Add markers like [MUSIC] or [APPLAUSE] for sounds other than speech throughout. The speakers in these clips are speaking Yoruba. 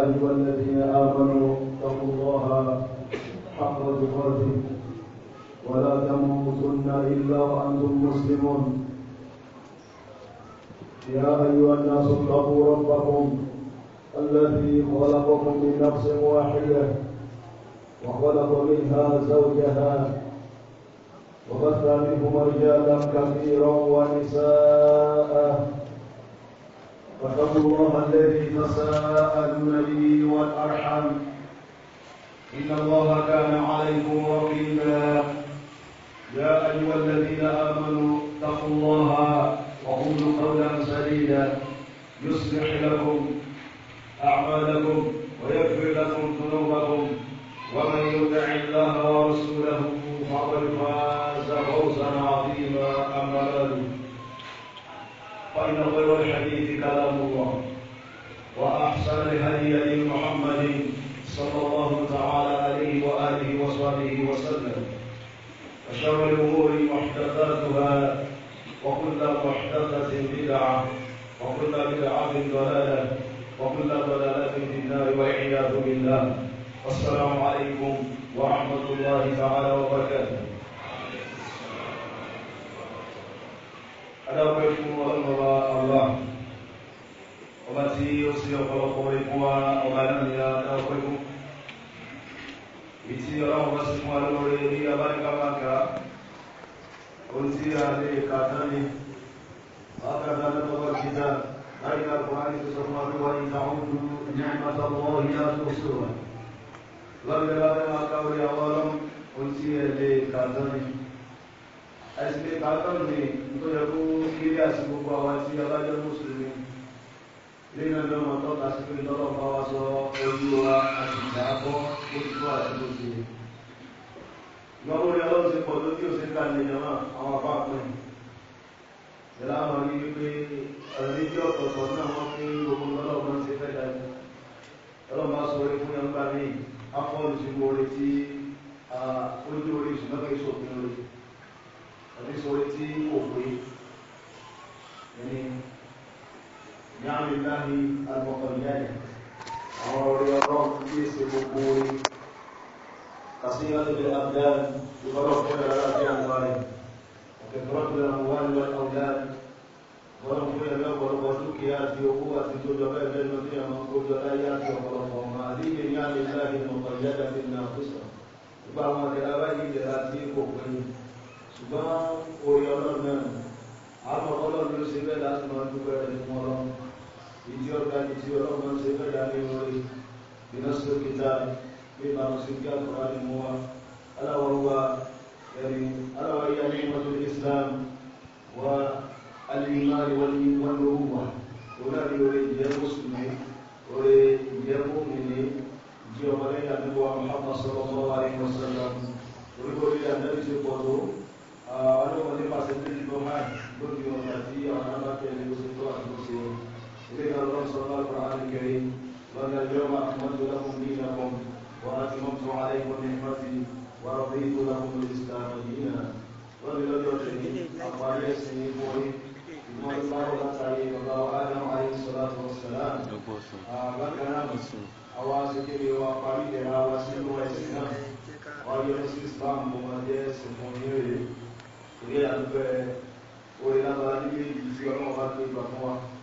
ايها الذين امنوا اتقوا الله حق تقاته ولا تموتن الا وانتم مسلمون يا ايها الناس اتقوا ربكم الذي خلقكم من نفس واحده وخلق منها زوجها وبث منهما رجالا كثيرا ونساء واتقوا الله الذي تساءلون به والارحم ان الله كان عليكم رقيبا يا ايها الذين امنوا اتقوا الله وقولوا قولا سديدا يصلح لكم اعمالكم ويغفر لكم ذنوبكم ومن يطع الله كلام الله وأحسن الهدي محمد صلى الله تعالى عليه وآله وصحبه وسلم وشر الأمور محدثاتها وكل محدثة بدعة وكل بدعة ضلالة وكل ضلالة في النار والعياذ بالله والسلام ọ̀pọ̀lọpọ̀ ọba náà ni a pẹ́ fún ìtí ọlọ́run bá sí fún alóore ní abáríkàmáka ohun tí a lè kà tán ni wákàtà lọ́tọ́wọ́ jíjà láyé àkùnrin tó sọ fún abúwá ìdáhùndú ní àmàtàwọ̀ ìyá tó sọ̀rọ̀ lọ́gbẹ̀ lábẹ́ máa káwé àwọn ọlọ́run ohun tí ẹ lè kà tán ni ẹ̀sìn lè kà tán ni nítorí ẹkú kílíà sí gbogbo àwọn tí abájọ́ mùsùlùmí lẹ́yìn náà lọ́wọ́ tọ́ka sí pé lọ́wọ́ bá wá sọ olúwa àtìjà bọ́ ojú àti oṣù lọ́wọ́ ni ọlọ́run ti pọ̀ lókè òsè ká lè yàn án àwọn àbá pín ìlà wọn rí wípé ọ̀rẹ́ ìjọ ọ̀tọ̀ọ̀tọ̀ náà wọ́n fi gbogbo lọ́lọ́gbọ́n ṣe fẹ́ dájú ọlọ́run bá sọ orí fún yàn gbà mí afọ́ọ̀lù sí mo rí tí ojú orí ìṣúná yàrá ìlàhí alùpàdìyàní àwọn ọ̀rẹ́ ọlọ́run tó kí èsè gbogbo orí kàṣíyàtìlẹ̀ abdán ìbọ̀lọ̀ fún ẹ̀rọ àti àwọn rẹ̀ ọ̀kẹ̀kọ̀rọ̀tìlẹ̀ àwọn àlùwà ọ̀dán bọ́lọ̀ fún ẹ̀rọ ọ̀pọ̀lọpọ̀ dúkìá àti owó àti jọjọ bẹ́ẹ̀ bẹ́ẹ̀ lọ sí àwọn kójọ láyé àti ọ̀pọ̀lọpọ̀ ọmọ àdíyẹ yàrá ìlàhí alùpàdìyàní àti nàkúsà gbogbo àwọn náà àwọn ọlọ́run ló ṣe bẹ́ẹ̀ láti máa dúpẹ́ rẹ̀ ọlọ́run ìdí ọ̀gá ni tí ọlọ́gbọ́n ṣe bẹ́ẹ̀ ní orí ìnáṣẹ́ kíta bí ìbámu sí kí àkùrá ni mú wa aláwọ̀wà ẹni aláwọ̀yà ní ìmọ̀tò Islam wa alìmáàrí wọn ní wọn ló wù wá orí orí ìjẹ́ mùsùlùmí orí ìjẹ́ mùmìnì ìjẹ́ ọmọlẹ́yìn àdúgbò Muhammad sallallahu alaihi wasallam orí orí àdúgbò ti pọ̀ tó àwọn ọmọdé pàṣẹ méjì lọ́mọ́ lórí ọ̀nà tí àwọn alábàtẹ̀ ní oṣù tó àdúgbò ومنها الله صلى الله القرآن الكريم وأن اليوم أكملت لكم دينكم وأتممت عليكم نعمتي ورضيت لكم الإسلام دينا وللوجهين أقوال يسني بوري ثم الله تعالى الله آدم عليه الصلاة والسلام وكان أواسكي وقالي لها وسلم ويسنا وأن يسي إسلام ممدس مهيري ويأبقى ويأبقى ويأبقى ويأبقى ويأبقى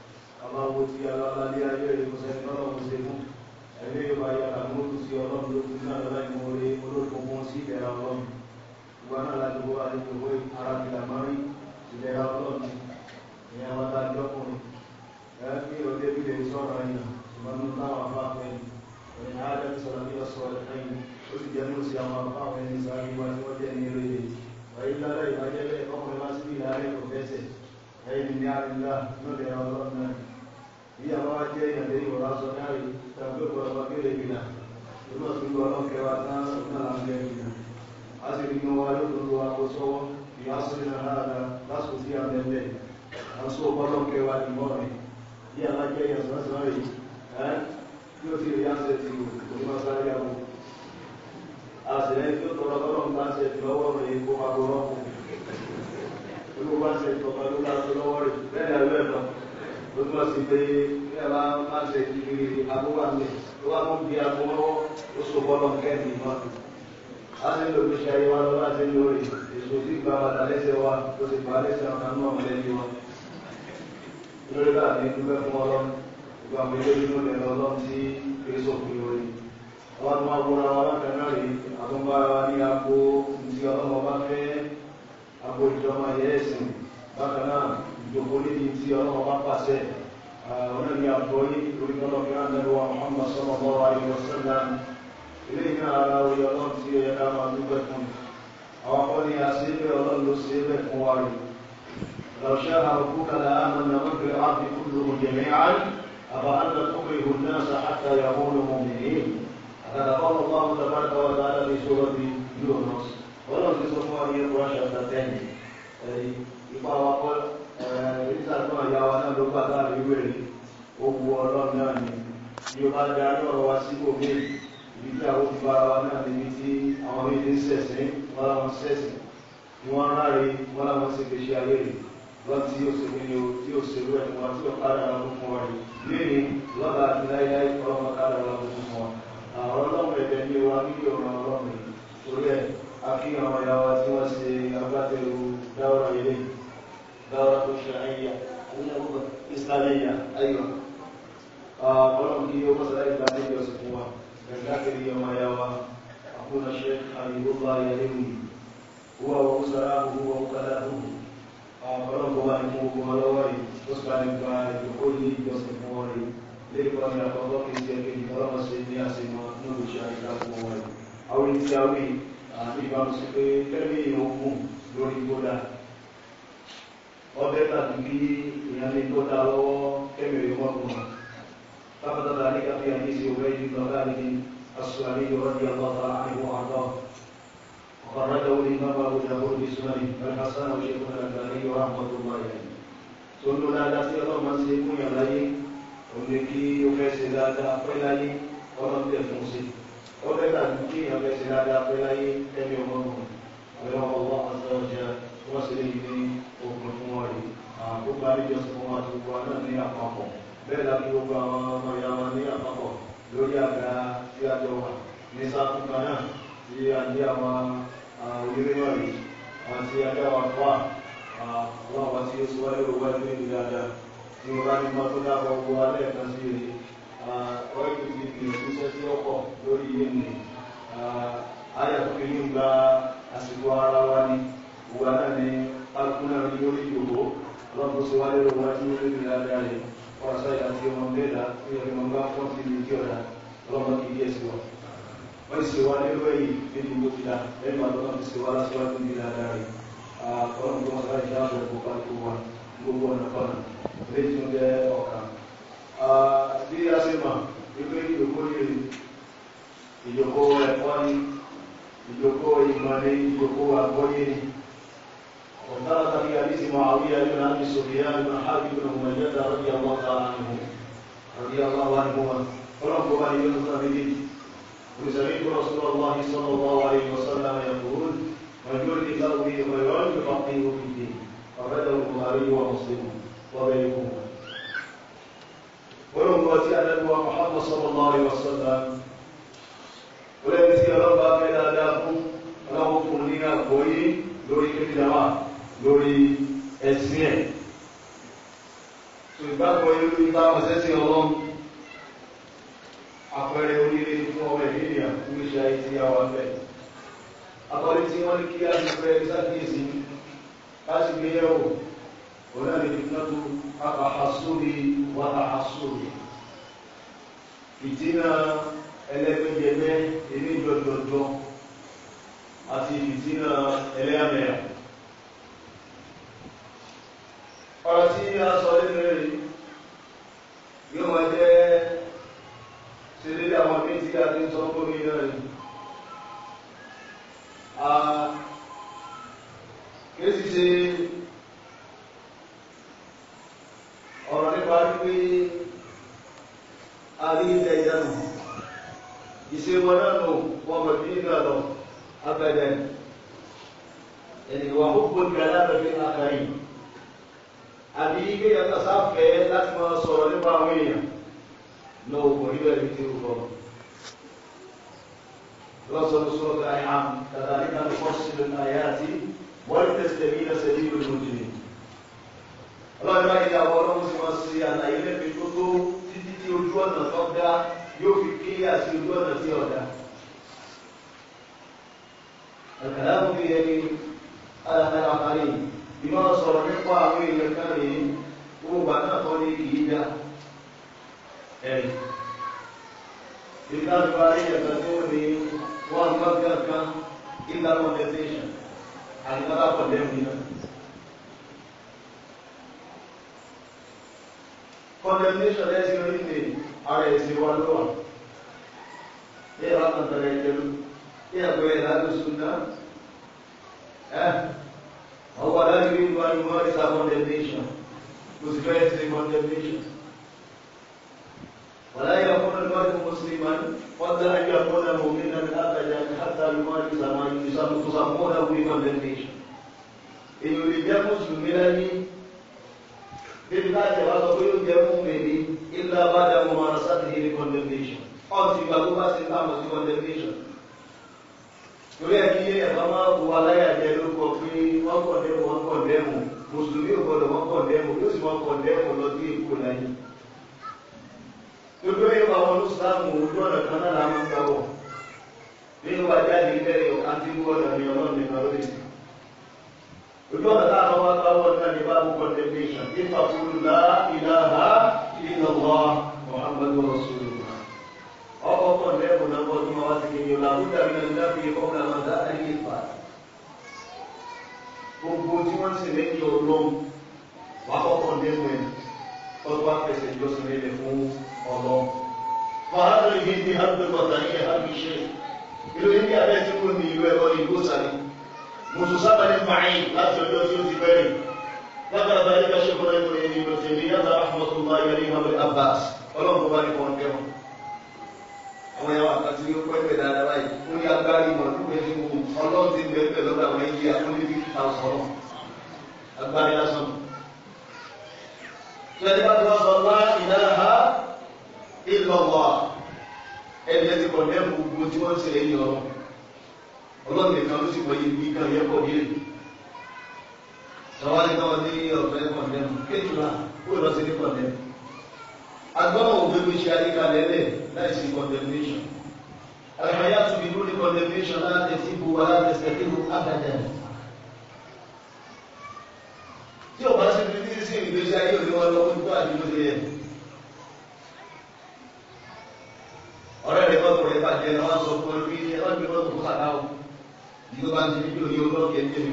ọlọ́wọ́ tí aláwọ̀lá ní ayé ìrìnkọsẹ̀ ìtọ́lọ́wọ́ ṣe fún ẹ̀rí ìwà yàrá mọ́lù sí ọlọ́run ló fún náà lọ́lá ìmọ̀ orí olóògùn fún sí ìlera ọlọ́run ìwà náà láti wọ́n àti ìwé ara ìlà mọ́rí ìlera ọlọ́run ní àwọn adájọ́ ọkùnrin ẹ̀rí pé òde bí lè sọ̀rọ̀ ẹ̀yà ṣùgbọ́n ní táwọn afáfẹ́ ẹ̀yìn àádọ́ sọ̀rọ̀ bí ọ̀sọ̀ ẹ̀yìn ó sì jẹ́ ní òsì àwọn afáfẹ́ ní sáré wa tí wọ́n jẹ́ ní eré yìí wáyé lára lọ́dẹ̀ ọlọ́run náà bí àwọn wá jẹ́ èèyàn lẹ́yìn ọ̀rọ̀ aṣọ láàyè tàbí ọ̀pọ̀lọpọ̀ bá kéde ìgbìnà tó náà tún lọ ọlọ́kẹ́ wa tán ọ̀nà làǹkẹ́ ìgbìnà a sì rí wa lóko lu akọ sọ́wọ́ ìyá sórí nàrà lásìkò sí abẹ́lẹ̀ àṣọ ọ̀pọ̀lọpẹ́ wa ìmọ̀ rẹ̀ a àwọn jẹ́ èèyàn sọ́sọ́ rẹ̀ ẹ́ tí ó sì rí àṣẹ ti onímọ̀sáré àwọn àṣẹlẹ̀ tí ó tọrọ lọ́rùn bá ṣe ti lọ́wọ́ rẹ̀ kó máa gbọ́ lọ́kùn olùwàṣẹ ìtọ́ka ló dá sí lọ́wọ́ rẹ̀ bẹ́ẹ̀ ló túmọ̀ sí pé bí ẹ bá má ṣe kiri abúwà mi tó bá tún di abú lọ́wọ́ ó so bọ́lọ̀ kẹ́ẹ̀dì mọ́ a ṣe ń lo ìgbésí ayé wa lọ́wọ́ àti lórí èso tí gba wa dálẹ́sẹ̀ wa ló ti gba lẹ́sẹ̀ ọ̀kan náà lẹ́yìn wa lórí bá mi dúpẹ́ fún ọlọ́ ìgbà mi lórí inú rẹ̀ lọ́lọ́ tí èso fi lórí àwọn tó máa wúra wa bákan náà rí àtúnbá ní agbo ti ọlọ́mọ bá fẹ́ agbo ìjọba yẹ ẹ̀sìn bákan náà ìjòkó níbi tí ọlọ́run bá pàṣẹ ọlọ́run ni àgbọ́yé orí ọlọ́run náà lẹ́nu wa Muhammad sallallahu alaihi wasallam ilé iná ara orí ọlọ́run tí ó yẹ ká máa dúpẹ́ fún mi àwọn akọ́ ni a ṣe bẹ́ẹ̀ ọlọ́run ló ṣe bẹ́ẹ̀ fún wa rè lọ́ṣẹ́ àrùkúkà láàmú ní ọmọ ìgbé àbí kúlù òjèmí àárín àbá àndà tó pé ìhùn náà sàhátà ìyàwó ọlọ́run tó ìtàkùn eh, àyà wa náà ló bá dáa irú ẹ̀ ní owó ọlọ́run náà ni bí ó bá darí ọ̀rọ̀ wa sí kò mí ibi tí àwọn òfin bára wa náà níbi tí àwọn méjì ń ṣẹ̀sìn wọn làwọn ṣẹ̀sìn ni wọ́n ráre wọn làwọn ṣe fèsì ayé rẹ̀ o tí yóò ṣe wẹ̀ wọn tí yóò kára wọn fún wọn yìí lẹ́yìn دارة شرعية إسلامية أيوة قولهم كي يوم مسألة إسلامية يوسفوها من ذاكر اليوم يوم أقول الشيخ حبيب الله يلمني هو وأسراه هو وكلاه قولهم هو أنكم ولوري أسلام كاري بكل يوسفوها لكن يا قضاء إسلامي كرم السيدي أسمى نور شاهد أسمى على تساوي nípa mo sì pé tẹ́lẹ̀ yìí wọ́n mú lórí gbódà ọbẹ̀ tàbí bí èèyàn lè kó ta lọ́wọ́ kẹ́mìrì mọ́kùnrin lápẹ̀tà láti ká fi àyè sí òwe yìí lọ láàrin asùnàlẹ̀ yọrọ di ọlọ́ta àìwọ̀ àtọ́ ọ̀pọ̀lọpọ̀ ní nọ́mbà òjà kó ní sùnàlẹ̀ ẹ̀ka sáà fún ẹ̀ka ní yọrọ àmọ́tò báyà tó ń lò dáadáa sí ọlọ́mọ sí ikú yàn láyé òní kí ó fẹ́ ṣe dáadáa pẹ́ láyé ọlọ́mọ tẹ̀ fún sí ọbẹ̀ tàbí kí èèyàn fẹ́ ṣe dáadáa pẹ́ láyé ẹ̀mí ọmọ wọ́n ṣe léyìn ní ogun fún wọn rí gbogbo àríjọ sí fún wọn àti gbogbo náà ní àpapọ̀ bẹ́ẹ̀ láti gbogbo àwọn ọmọ ìyá wọn ní àpapọ̀ lórí àga tí a jọ wà ní sáfúnka náà tí a ní àwọn onímọ̀ rí àti adáwà fà àwọn àwọn tí ó sì wáyé wájú ní dáadáa tí wọ́n bá ní mọ́ tó dábọ̀ gbogbo alẹ́ kan sí rí ọ́ìlú ti bìrì ṣiṣẹ́ sí ọkọ̀ lórí yìí nì ayàtúkì ní gba àsìkò ara wa ni ìwà náà ni akúnlẹ̀ ní lórí ìgbòho ọlọ́pọ̀ sí wáyé lọ wájú lórí ìlànà rẹ̀ ọ̀rọ̀sá àti ọmọ mẹ́ta ní ọmọ bá fún ti lè kí ọ̀dà ọlọ́pọ̀ kì í yẹ sí wọn wọ́n sì wá ní lórí ìgbèdì gbòkìlá lẹ́nu àtọ́nà ti sì wá lásìwájú ní ìlànà rẹ̀ ọlọ́pọ̀ wọn sáré dáàbò bò bá tó wà gbogbo ọ̀nà kan lẹ́yìn tó jẹ́ ọ̀kan bí a ṣe mọ̀ wípé ìdókòó lè ìdókòó ẹ̀kọ́ ní ìdókòó ìmọ̀ ní ìdókòó àgbọ́yé ni وترك في حديث معاوية بن أبي سفيان بن حرب بن أمية رضي الله تعالى عنه رضي الله عنهما ورب أن يرضى به وسمعت رسول الله صلى الله عليه وسلم يقول من يرد الله خيرا يفقهه في الدين أخرجه البخاري ومسلم وغيرهما ولو أتي أن محمد صلى الله عليه وسلم ولم يأتي ربك إلا له له كلنا كوي لوري كتلما lórí ẹ̀sìn ẹ̀ tó ìgbàgbọ́ irú ìtàwọn sẹ́sìn ọlọ́run àpẹẹrẹ oníire fún ọmọ ìrìnà fún iṣẹ́ ayé tí a wà bẹ́ẹ̀ akọ́lé tí wọ́n ní kí a ti fẹ́ sákìyèsí láti gbé yẹ̀wò òun náà lè fún ọ́tún àbàhásórí wà àhásórí ìdínà ẹlẹ́gbẹ́jẹgbẹ́ eléjọjọjọ àti ìdínà ẹlẹ́yàmẹ̀yà ọ̀rọ̀ tí a sọ nínú rẹ̀ yóò máa jẹ́ ṣe lé àwọn bí tí a ti ń sọ gómìnà rẹ̀ kìí sì ṣe ọ̀rọ̀ nípa wípé a rí ilẹ̀ ìdánù ìṣe wọn náà nù wọn bẹ̀ bí ìgbà lọ abẹ́dẹ̀ ẹ̀nìwọ̀n ó gbóni alábẹ̀bẹ̀ àkàrí àbí kéèyàn náà sáfẹ́ láti máa sọ̀rọ̀ nípa àwọn èèyàn lọ ògùn níbẹ̀ ní ti rúbọ. lọ́sọ̀rọ̀ sọ̀rọ̀ ká ẹ̀ hàn kàdà nígbà tó kọ́ sí lónà ayé àti wọ́n ti tẹ̀sítẹ̀ bí lọ́sẹ̀ ní ìlú lòdì. ọlọ́run bá yẹ àwọn ọlọ́run sì máa ṣe àlàyé lẹ́bi tó tó títí tí ojú ọ̀nà tó dá yóò fi kílíà sí ojú ọ̀nà tí ọ̀dà. الكلام في يد الأعمالين ìmọ̀ sọ̀rọ̀ nípa àwọn èèyàn kan rèé gbogbo àná kan ní kì dá ẹ̀rì ìdájọ́ ayé ẹ̀ka tó ní wọ́n gbọ́ngàn kan ìlà conversation àti lára condemn náà. condemnation ẹ̀sìn orílẹ̀ ara ẹ̀sìn wa ló wà ní ìlànà tẹ̀lé ìjẹun ní ẹ̀kọ́ ìlànà sùn náà. Our arguing for reward is a condemnation. Lucifer is a condemnation. ولا يكون المرء مسلما قد ان يكون مؤمنا ابدا حتى يمارس ما تسمونه بكوندمنيشن. èyí ò lè jẹ́ mùsùlùmí lẹ́yìn bíbí láti wá sọ pé yóò jẹ́ mú mi ní ilé abájáwó mara sátìrì condemnation. ọ̀sìn ìgbàgbọ́ bá ti ń bá mọ̀ sí condemnation torí ẹ kí ẹ̀fọ́ máa kó aláyàjẹ ló kọ pé wọ́n kọ̀ dẹ́mu wọ́n kọ̀ dẹ́mu mùsùlùmí ò gbọ́dọ̀ wọ́n kọ̀ dẹ́mu yóò sì wọ́n kọ̀ dẹ́mu lọ sí èkó láyé gbogbo yóò wá wọn lùsàmù ojú ọ̀nà kan náà làwọn ń gbàgbọ́ nínú wa jáde ilé yọ àti wọ ọ̀nà ni ọlọ́run nìkan ló lè sùn ojú ọ̀nà táwọn wá gbàgbọ́ náà ní báwo contemplation ìfàkùrù lá ìlàhà ìlàlá muhammadu rasul ọkọ̀ pọ̀ lẹ́rù náà bọ́ tí wọ́n wá sí kejì ọ̀la wúdà bí lọ́dún dábì ẹ̀kọ́ ọ̀la máa dá ẹ̀rí ìfà. gbogbo tí wọ́n ń ṣe lẹ́yìn ọlọ́run wàá kọ́kọ́ lẹ́rù ẹ̀ kọ́tù wá fẹsẹ̀ ìjọsìn o fún ọlọ́run. fàhálà yìí ni àgbẹ̀kọ̀tà yìí àbí ṣe ìlú ilé abẹ́ tí kò ní ìlú ẹ̀kọ́ ìlú sani mùsùlùmí ní fàáyì láti ọjọ́ tí ó ti bẹ̀rẹ̀ lábẹ́ abẹ́rẹ́ kẹ́sẹ̀ fún ẹgbẹ̀rẹ́ ìlú tèmi yàtọ̀ àfọ̀tún bá yẹrí hàn Abbas ọlọ́run bá ní kọ́ ń kẹ́wọ̀n àwọn ẹ̀yà wàtà tí ó pẹ́pẹ́ dáadáa báyìí ó ní agbárí wọn tó pẹ́ nínú ọlọ́run ti bẹ́ẹ̀ pẹ̀ lọ́dọ̀ àwọn ẹ̀yà tó ní fífi ta sọ̀rọ̀ agbárí lásán. tí ẹni bá ti wá sọ lá ìdáhà ìlọ̀wà ẹni ẹ ti kọ̀ọ̀dẹ́ gbogbo tí wọ́n ṣe ẹ̀yìn ọ̀rọ̀ ọlọ́run nìkan ló sì wọ ibi kan yẹ kọ̀ yé sọ̀wá ní káwọn ní ọ̀fẹ́ kọ̀ọ̀dẹ́ agbọ́nà òdodo ṣe àríkalẹ̀ lẹ̀ láì sí condemnation àlàyé àtúbí lórí condemnation láti sí bu aláàbẹ̀sẹ̀ tí ó àbàjá tí ọba ṣe fi ní sí ìgbésí ayé òní wọn lọ fún ìgbà àdúgbò sí ẹ ọ̀rẹ́ rẹ̀ mọ́tò rẹ̀ bàjẹ́ náà wọ́n sọ fún ẹ ẹ wọ́n gbé mọ́tò fún bàbá o ìgbó bá ń ti fídíò yìí olóòkè ń tẹ̀lé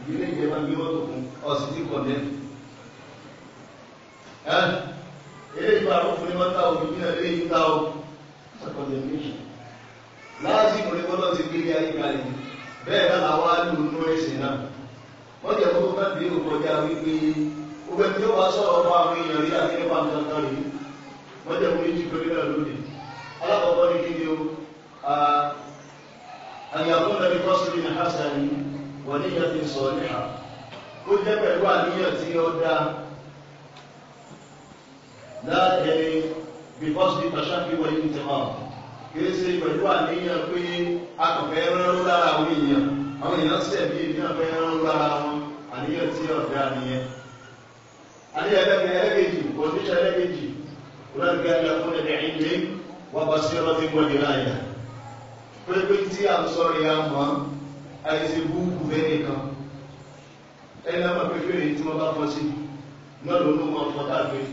ìdílé ìjẹ́ máa gbé mọ́tò fún ọ̀sìn tí kọ̀ọ̀dẹ́ eléyìí máa rúfin ní wọ́n ta òbí ní eléyìí ta o sọ̀kọ̀dẹ̀ méjì lásìkò ní gbọ́dọ̀ ti gbé ní ayé kalẹ̀ bẹ́ẹ̀ náà àwa lò nú ẹsẹ̀ náà wọ́n jẹ́ kó tó bá bí o kọjá wípé o bẹ tí ó wá sọ̀rọ̀ ọmọ àwọn èèyàn rí àti nípa nǹkan rí wọ́n jẹ́ kó méjì péré náà lónìí alákọ̀ọ́kọ́ ní kí ni o àyàkó lẹ́ni kọ́sìrì ní hasan wọ́n ní ìyá ti sọ̀rọ̀ níhà ó jẹ́ pẹ̀lú àníyàn tí ó dáa لا يعني بقصد التشفي والانتقام kìí ṣe pẹ̀lú àníyàn pé akọ̀fẹ́ rẹ́rú lára àwọn èèyàn àwọn èèyàn sì ẹ̀bí ní ọ̀fẹ́ rẹ́rú lára wọn àníyàn tí ọ̀fẹ́ àníyàn àníyàn ẹlẹ́gbẹ̀ẹ́ ẹlẹ́gbẹ̀ẹ́jì òṣìṣẹ́ ẹlẹ́gbẹ̀ẹ́jì olóògbé ẹlẹ́kùn ẹ̀dẹ̀ ìgbé wọ́n bá sí ọlọ́tí gbọ́dẹ̀ láyà pé pé tí à ń sọ̀rọ̀ ya mọ́ àìsí búkú bẹ́ẹ̀ kan ẹni àwọn pẹ̀fẹ́ rẹ̀ tí wọ́n bá fọ́ sí náà ló ló mọ̀ fọ́ káàkiri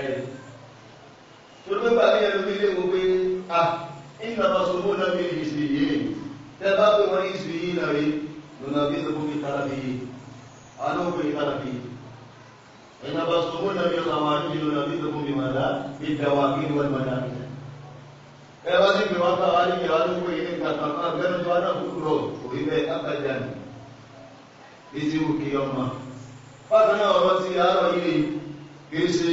ẹ̀rù olùgbẹ́gbà ní ẹnu bí léwu pé à ìgbà máa sọ mọ́ náà bí ìsìn yìí tẹ́ bá pé wọ́n ìsìn yìí náà rí lọ́nà bí ẹ̀rọ bí tara bí àánú bí tara bí ìgbà máa sọ mọ́ náà bí ọ̀nà àwọn àdúgbò lọ́nà bí ẹ̀rọ bí màdá bí dàwà bí wọ́n màdá bí. ẹ wá sí pé wọ́n bá wá níyàwó àdúgbò yìí nígbà kan kan bẹ́ẹ̀ tó wá náà kúrò òbí bẹ́ẹ̀ ábàjá ni bí ti wù kí ọmọ. bákan náà ọ̀rọ̀ ti àárọ̀ yìí kì ṣe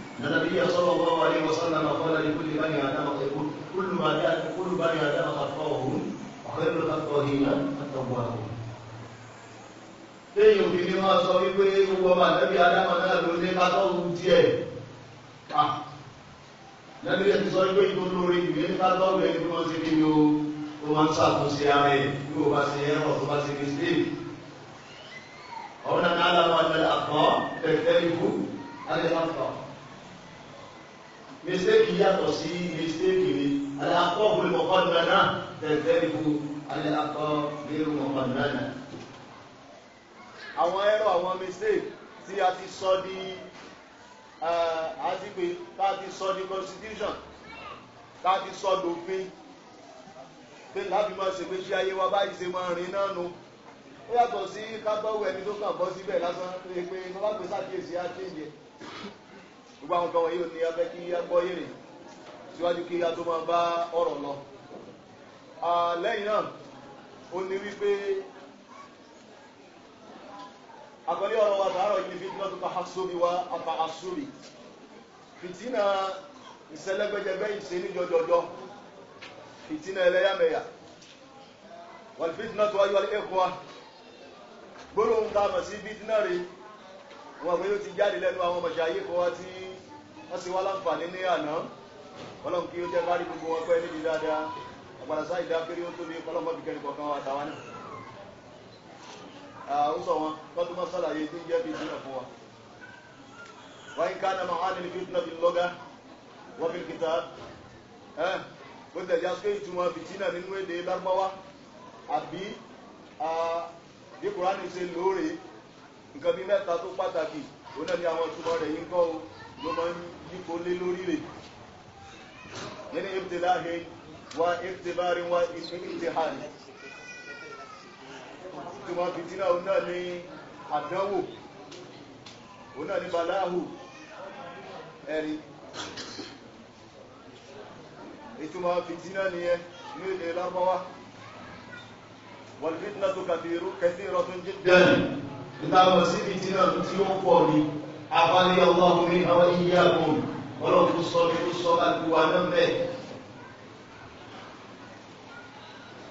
أن النبي صلى الله عليه وسلم قال لكل بني آدم طيبون كل ما آدم كل بني آدم خطاؤهم وخير الخطائين التوابون téèyàn òbí ni máa sọ wípé gbogbo ọba àtẹ́bí adáma náà ló ní ká tọ́ ohun díẹ̀ ká lẹ́nu yẹn ti sọ wípé ìbò lórí ìwé ká tọ́ ohun ẹni tó máa ń ṣe o ó máa ń ṣàtúnṣe ara ẹ̀ bí o bá ṣe ẹ̀rọ tó bá ṣe mistake ọ̀hún náà ní aláwọ̀ àtẹ̀lẹ̀ àpọ̀ tẹ̀tẹ̀ ikú alẹ́ àpọ̀ mistake yàtọ̀ sí mistake ni alakọ́bù mọ̀kànlá tẹ̀tẹ̀ ibu alakọ́ bírú mọ̀kànlá. àwọn ẹ̀rọ àwọn mistake tí a ti sọ di àtìpé eh, tá a ti sọ di constitution tá a ti sọ dòfin pé láti máa ṣègbè ṣe ayé wa báyìí ṣe máa rìn náà nu ó yàtọ̀ sí kábọ́wù ẹni tó kàn bọ́ síbẹ̀ lásán pé pé wọ́n bá gbé sákèsí á ṣèǹjẹ gbogbo àwọn kan wọ̀nyí ò ní afẹ́ kí á gbọ́ yèrè síwájú kí á tó máa bá ọ̀rọ̀ lọ. lẹ́yìn náà ó ní wípé àkọlé ọ̀rọ̀ wa tààrọ̀ yìí fi tíná tó bá aṣóbi wa àbá aṣóbi fìtínà ìṣẹlẹgbẹjẹgbẹ ìṣe níjọjọjọ fìtínà ẹlẹ́yàmẹ̀yà wàlfìtínà tó wáyé wàlé ẹ̀kọ́ wa gbólóhùn tá a mọ̀ sí fìtínà rèé wọn àgbẹ̀yọ́ ti jáde lẹ́nu àwọn ọmọ ṣàyẹ̀kọ́ wa tí wọ́n ti wá láǹfààní ní àná ọlọ́run kí ó jẹ́ bá rí gbogbo wọn pẹ́ níbi dáadáa àgbàdo sáà ìdákẹ́rẹ́ ó tóbi ọlọ́mọ bìkẹ́ nìkan kan wà táwa náà ó sọ wọn lọ́dún mọ́ sálàyé tí ń jẹ́ bíi sílẹ̀ fún wa. wáyé ká nàmọ́ á nílé fífi náà fi lọ́gá wọ́n fi kìtà ẹ́ bó tilẹ̀ já pé ìtumọ̀ fìtínà nínú èdè lárúbáwá àbí bí kùránì ṣe lóore nǹkan bíi mẹ́ta tó pàtàkì òun náà ni àwọn ìtumọ̀ rẹ̀ yìí ń kọ́ ló máa ń ipò lé lórí rẹ̀ nínú ìbtìláhì wa ìbtìbárin wa ìbtìhàn ìtumọ̀ fìtínà òun náà ní àdánwò òun náà ní baláhù ẹ̀rí ìtumọ̀ fìtínà nìyẹn ní èdè lábọ́wá wàlúfìtínà tó kàtìrú kẹsìrọ̀ tó ń jẹ́ dẹ́rẹ̀ ìtàwọn sí fìtínà tí ó pọ̀ ni àbálẹ ọlọ́run ní àwọn iye àgbọn ọlọ́run tó sọ ní tó sọ àgbẹwà náà bẹ́ẹ̀.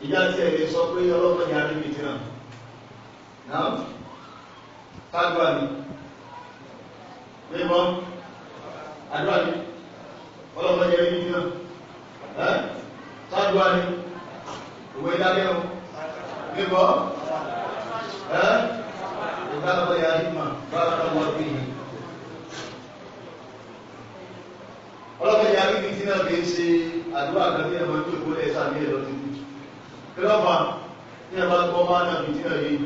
ìyá tí ẹ lè sọ pé ọlọ́pàá ni àríwí ti ràn náà tágbà ní mímọ́ àdúrà ní ọlọ́pàá ni àríwí ti ràn tágbà ní òwe dáké o mímọ́ ìgbàlọ́pàá ni àríwí mà bá ọlọ́pàá ni ọlọ́pẹ́ ya rí bí tí náà kì í ṣe àdúrà kan ní ẹ̀mọ́ tó kó ẹ̀sà ní ẹ̀lọ́ ti dùn kí ló fà ní ẹ̀mọ́ tó kọ́ máa nàbì tí náà yìí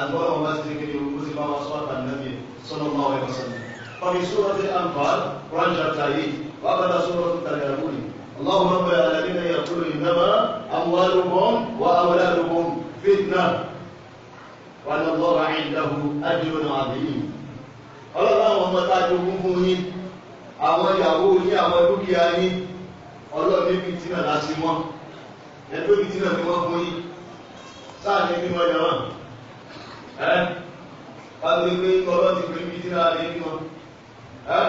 àti wọ́n lọ́wọ́ bá ti kékeré ó sì máa sọ àtàlẹ́bì sọ́nà máa wẹ̀ sọ́nà fàmì sọ́rọ̀ ti àǹfààl ránṣà tàyè wàbàdà sọ́rọ̀ ti tàyè àbúrì اللهم رب العالمين يقول انما اموالكم واولادكم فتنه وان الله عنده اجر عظيم ọlọ́run àwọn ọmọ tá a jogún àwọn ìyàwó yín àwọn dúkìá yín ọlọ́ọ̀dún ibi tí náà láti wọ́n ẹgbẹ́ ibi tí náà ni wọ́n fún yín sáà ní bí wọ́n yọ̀wọ́n ẹ́ pàtó pé ọlọ́ọ̀ ti pè ibi tí náà ní bí wọ́n ẹ́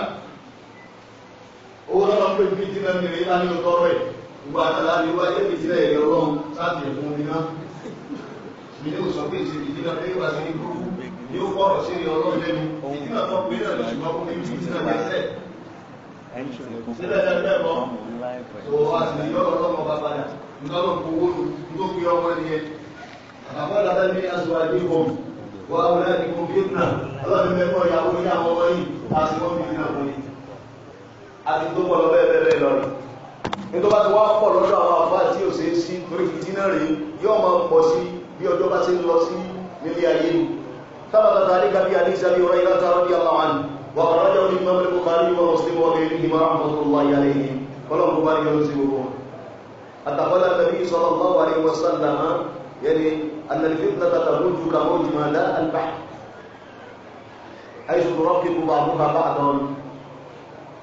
owó lọ́wọ́ pé ibi tí náà ní rí láti ọ̀tọ̀ rẹ̀ gbogbo àtàlá ni wáyé ibi tí náà yẹ ọlọ́run sáà ti fún mi náà mi ní òsàn pé ìṣèlú ìdílé ọ̀pẹ́ ìwà sí ní gbogbo ní ó kọ̀rọ̀ sí síbẹ̀ lẹ́gbẹ̀ẹ́ bọ́ tó wá sí bá ti ń lọ sí nílé ayé tábàtà tàrí gàbí àdísàbí ọ̀rọ̀ ìlàtà rọ́bí aláwọ̀ àná وأخرجه الإمام البخاري ومسلم وغيرهما رحمة الله عليهم قال البخاري يوزعه أتقال النبي صلى الله عليه وسلم يعني أن الفتنة تموج كموج ماء البحر حيث ترقب بعضها بعضا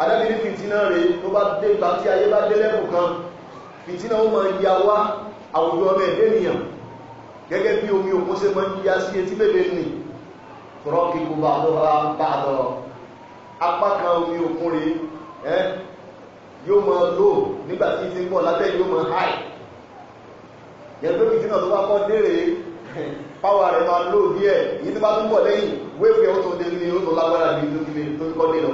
adábìnrin fìtínà rẹ̀ tó bá dé ìgbà tí ayé bá dé lẹ́kùn kan fìtínà gẹ́gẹ́ bí omi òkú ṣe máa ń ya sí etí bèbè nì tọ́rọ kíkú bá lọ́ra bá lọ́rọ̀ apá kan omi òkun rèé ẹ́ yóò mọ lò nígbà tí ti ń bọ̀ lábẹ́ yóò mọ háì yẹn pé bìtínà tó bá kọ́ dére [LAUGHS] páwà rẹ̀ máa lò díẹ̀ yìí tó bá tún bọ̀ lẹ́yìn wéèfì ó tó délé ó tó lágbára bí tó ti tó kọ́ dé lọ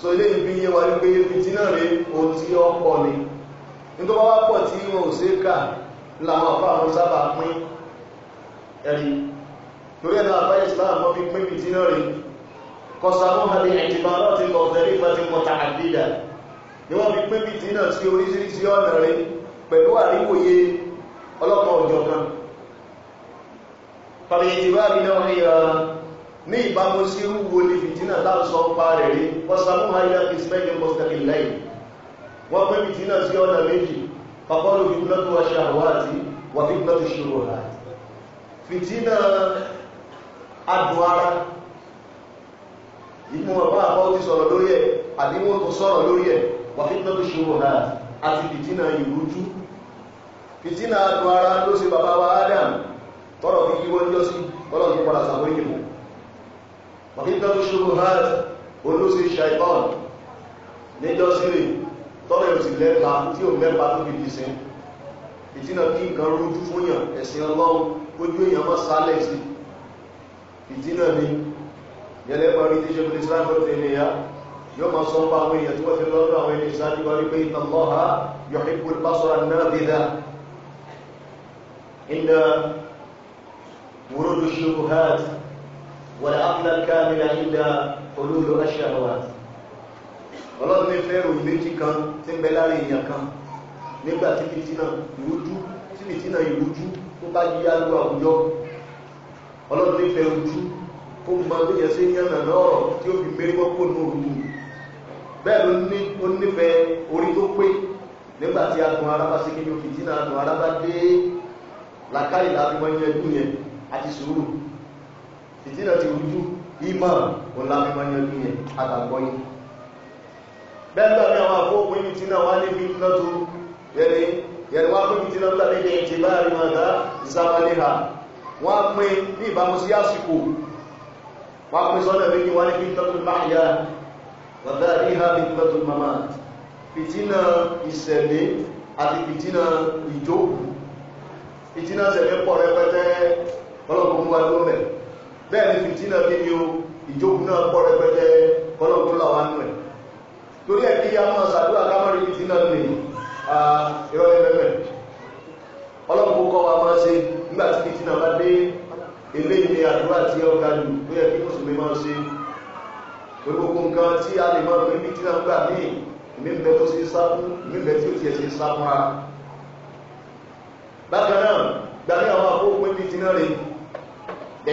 so ilé ibi yé wa wípé bìtínà rẹ̀ ohun tí ó pọ̀ ni ní tó bá wá pọ̀ tí wọn ò ṣe é kà làwọn àfa àwọn sábà pín ẹ̀rí torí ẹ̀ náà àbáyé sábà mọ́ fi pín bìtínà قسموها باعتبارات مختلفة متعددة ni wọ́n fi pé bìtì náà sí oríṣiríṣi ọ̀nà rẹ̀ pẹ̀lú àríwòye ọlọ́kan òjọ̀kan fàbíyèjì bá bí náà rí ra ní ìbámu sí rúwo ní bìtì náà láàṣọ pa rẹ̀ rí pọ́sàmúhà ilẹ̀ ìsmẹ́jọ pọ́sàkì lẹ́yìn wọ́n pé bìtì náà sí ọ̀nà méjì fàkọ́lù fìtínàtù aṣàwáàtì wà fìtínàtù ṣòro ìmú ọ̀pá àpá ó ti sọ̀rọ̀ lórí ẹ̀ àbí wọ́n tó sọ̀rọ̀ lórí ẹ̀ wà fi tọ́ tó ṣe wọ̀ náà àti fìtínà ìrújú fìtínà àdùn ara ló ṣe bàbá wa Adam tọrọ fi kí wọ́n jọ́sí ọlọ́run padà sàmórí ìmú wà fi tọ́ tó ṣe wọ̀ náà olóṣè ṣàìbọ̀n níjọ́sí rè tọ́rọ ẹ̀ sì lẹ́pa tí ò mẹ́pa tó fi dìsẹ́ fìtínà kí nǹkan rújú fún yàn ẹ̀sìn ọlọ́run ojú èèyàn mọ́ ni gẹ́lẹ́ parí tí ṣe islam tó tẹ̀lé ya yóò máa sọ pa àwọn èèyàn tó wọ́n fi lọ́dọ̀ àwọn ènìyàn sáájú wá wípé iná lọ́ha yóò hìkú lásọ̀rọ̀ náà dídá inda wurudu shubuhat wal aqla kamila inda hululu ashahawat ọlọ́run ní fẹ́ ròyìn méjì kan tí ń bẹ láàrin èèyàn kan nígbà tí tí fìtínà ìrújú kó mọ bí yẹn sí yànnà lọ́rọ̀ tí ó fi mérí mọ́kò lóru bẹ́ẹ̀ ló ní ó nífẹ̀ẹ́ orí tó pé nígbà tí adùn ara bá sékè yóò fìdí náà adùn ara bá dé làkàrí láti mọ́ yanjú yẹn àti sùúrù fìdí náà ti rújú ìmọ̀ òun láti mọ́ yanjú yẹn àtàgbọ́ yìí bẹ́ẹ̀ gbà ní àwọn àfọwọ́pọ̀ yìí tí náà wá ní bí tó yẹrẹ yẹrẹ wá pín tí náà tàbí kẹ́ ìtì báyìí dá ìsáwálé ha wọ́n pín ní ìbámu sí àsìkò wọ́n pín sọ́nà méjì wọ́n ní fitnatul mahya wa thaniha fitnatul mamat fìtínà ìsẹ̀mí àti fìtínà ìjókòó fìtínà sẹ̀mí pọ̀ rẹpẹtẹ ọlọ́gbọ̀n wà lómẹ̀ bẹ́ẹ̀ ni fìtínà níbi o ìjókòó náà pọ̀ rẹpẹtẹ ọlọ́gbọ̀n làwà nù ẹ̀ torí ẹ̀ kí a máa ṣàdúrà kámọ́rí fìtínà nì ìrọ̀lẹ́ pẹ́pẹ́ ọlọ́gbọ̀n kọ́ wa máa ṣe nígbà tí fìtínà bá dé eléyìí ni àdúrà tí ó ga jù tó yẹ kí mùsùlùmí máa ṣe pé gbogbo nǹkan tí a lè máa rí ní tí wọ́n gbà míì ìmí ń bẹ tó ṣe sáfù ìmí ń bẹ tí ó tiẹ̀ ṣe sáfúnra bákan náà gba ní àwọn àkókò ibi tí náà rè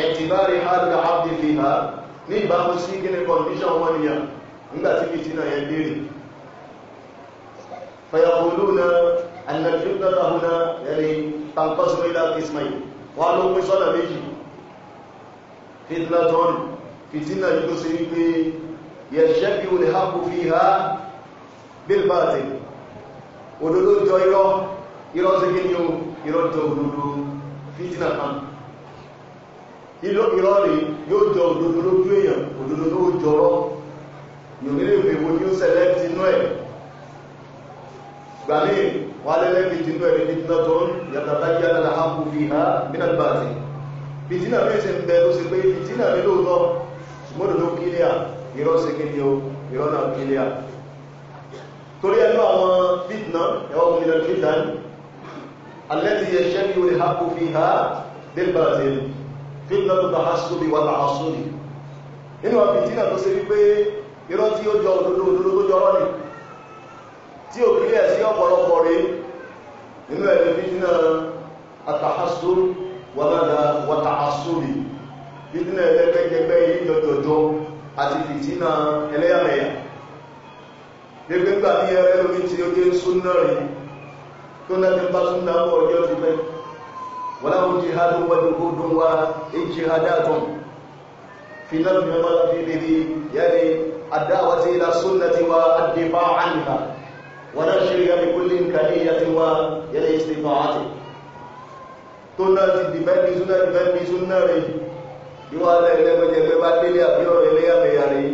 ẹ̀tì bá rí hàdà abdi fi hà ní ìbámu sí gíní kọ̀ndíṣàn wọn nìyàn nígbà tí ibi tí náà yẹn béèrè fayakulu na annabiyuta lahuna yẹni tankosu ila kismayi wọn ló pín sọ́nà méjì fitna tọ́nù fitina ní tó ṣe wípé yẹ̀ṣẹ́bí olè hapò fi ha bilbati òdodo jọ irọ́ irọ́ sí kí ni o irọ́ jọ òdodo fitina kan irọ́ rẹ̀ yóò jọ òdodo lójú èèyàn òdodo ló jọrọ́ yòmílẹ̀ ìwéwo ní ó sẹlẹ́tì inú ẹ̀ gbàmí wà lẹ́lẹ́kì inú ẹ̀ ní fitina tọ́nù yàtàtà yàtàtà hapò fi ha bilbati bìtínà bí ṣe ń bẹ ló ṣe pé bìtínà bí lóòótọ́ ṣùgbọ́n ló kílíà ìrọ́ ṣe kí ni o ìrọ́ náà kílíà torí ẹnu àwọn fitna ẹwọ́n mi lọ fitna alẹ́ ti yẹ ṣẹ́ kí o lè ha kò fi ha dé Brazil tó ta ha sóbi wà ta ha sóbi nínú àwọn bìtínà tó ṣe wípé ìrọ́ tí ó jọ òdodo tó jọrọ́ ni tí ò kílíà sí ọ̀pọ̀lọpọ̀ rèé nínú ẹ̀rọ fitna àtàhásóró wọ́lọ́dà wọ́ta asúrì fìtínà ẹlẹ́gbẹ́jẹgbẹ́ yìí jọjọjọ àti fìtínà ẹlẹ́yàmẹ̀yà gbẹgbẹgbà ní ẹrẹ́ lórí tí ó dé súnà rí tó lẹ́bí bá súnà bọ̀ ọjọ́ ti pẹ́ wọ́láwọ́ jihadu wọ́dún gbogbo wa ijihadatun fi lọ́dún mẹ́wàá fi lè rí yẹ́rẹ́ الدعوة إلى السنة والدفاع عنها ونشر بكل إمكانية وإلى استطاعته tó náà ti dìbẹ́ni súnà dìbẹ́ni súnà rẹ̀ ìwà lẹ́gbẹ̀jẹgbẹ́ bá délé àbíọ̀rọ̀ ẹlẹ́yàmẹ̀yà rẹ̀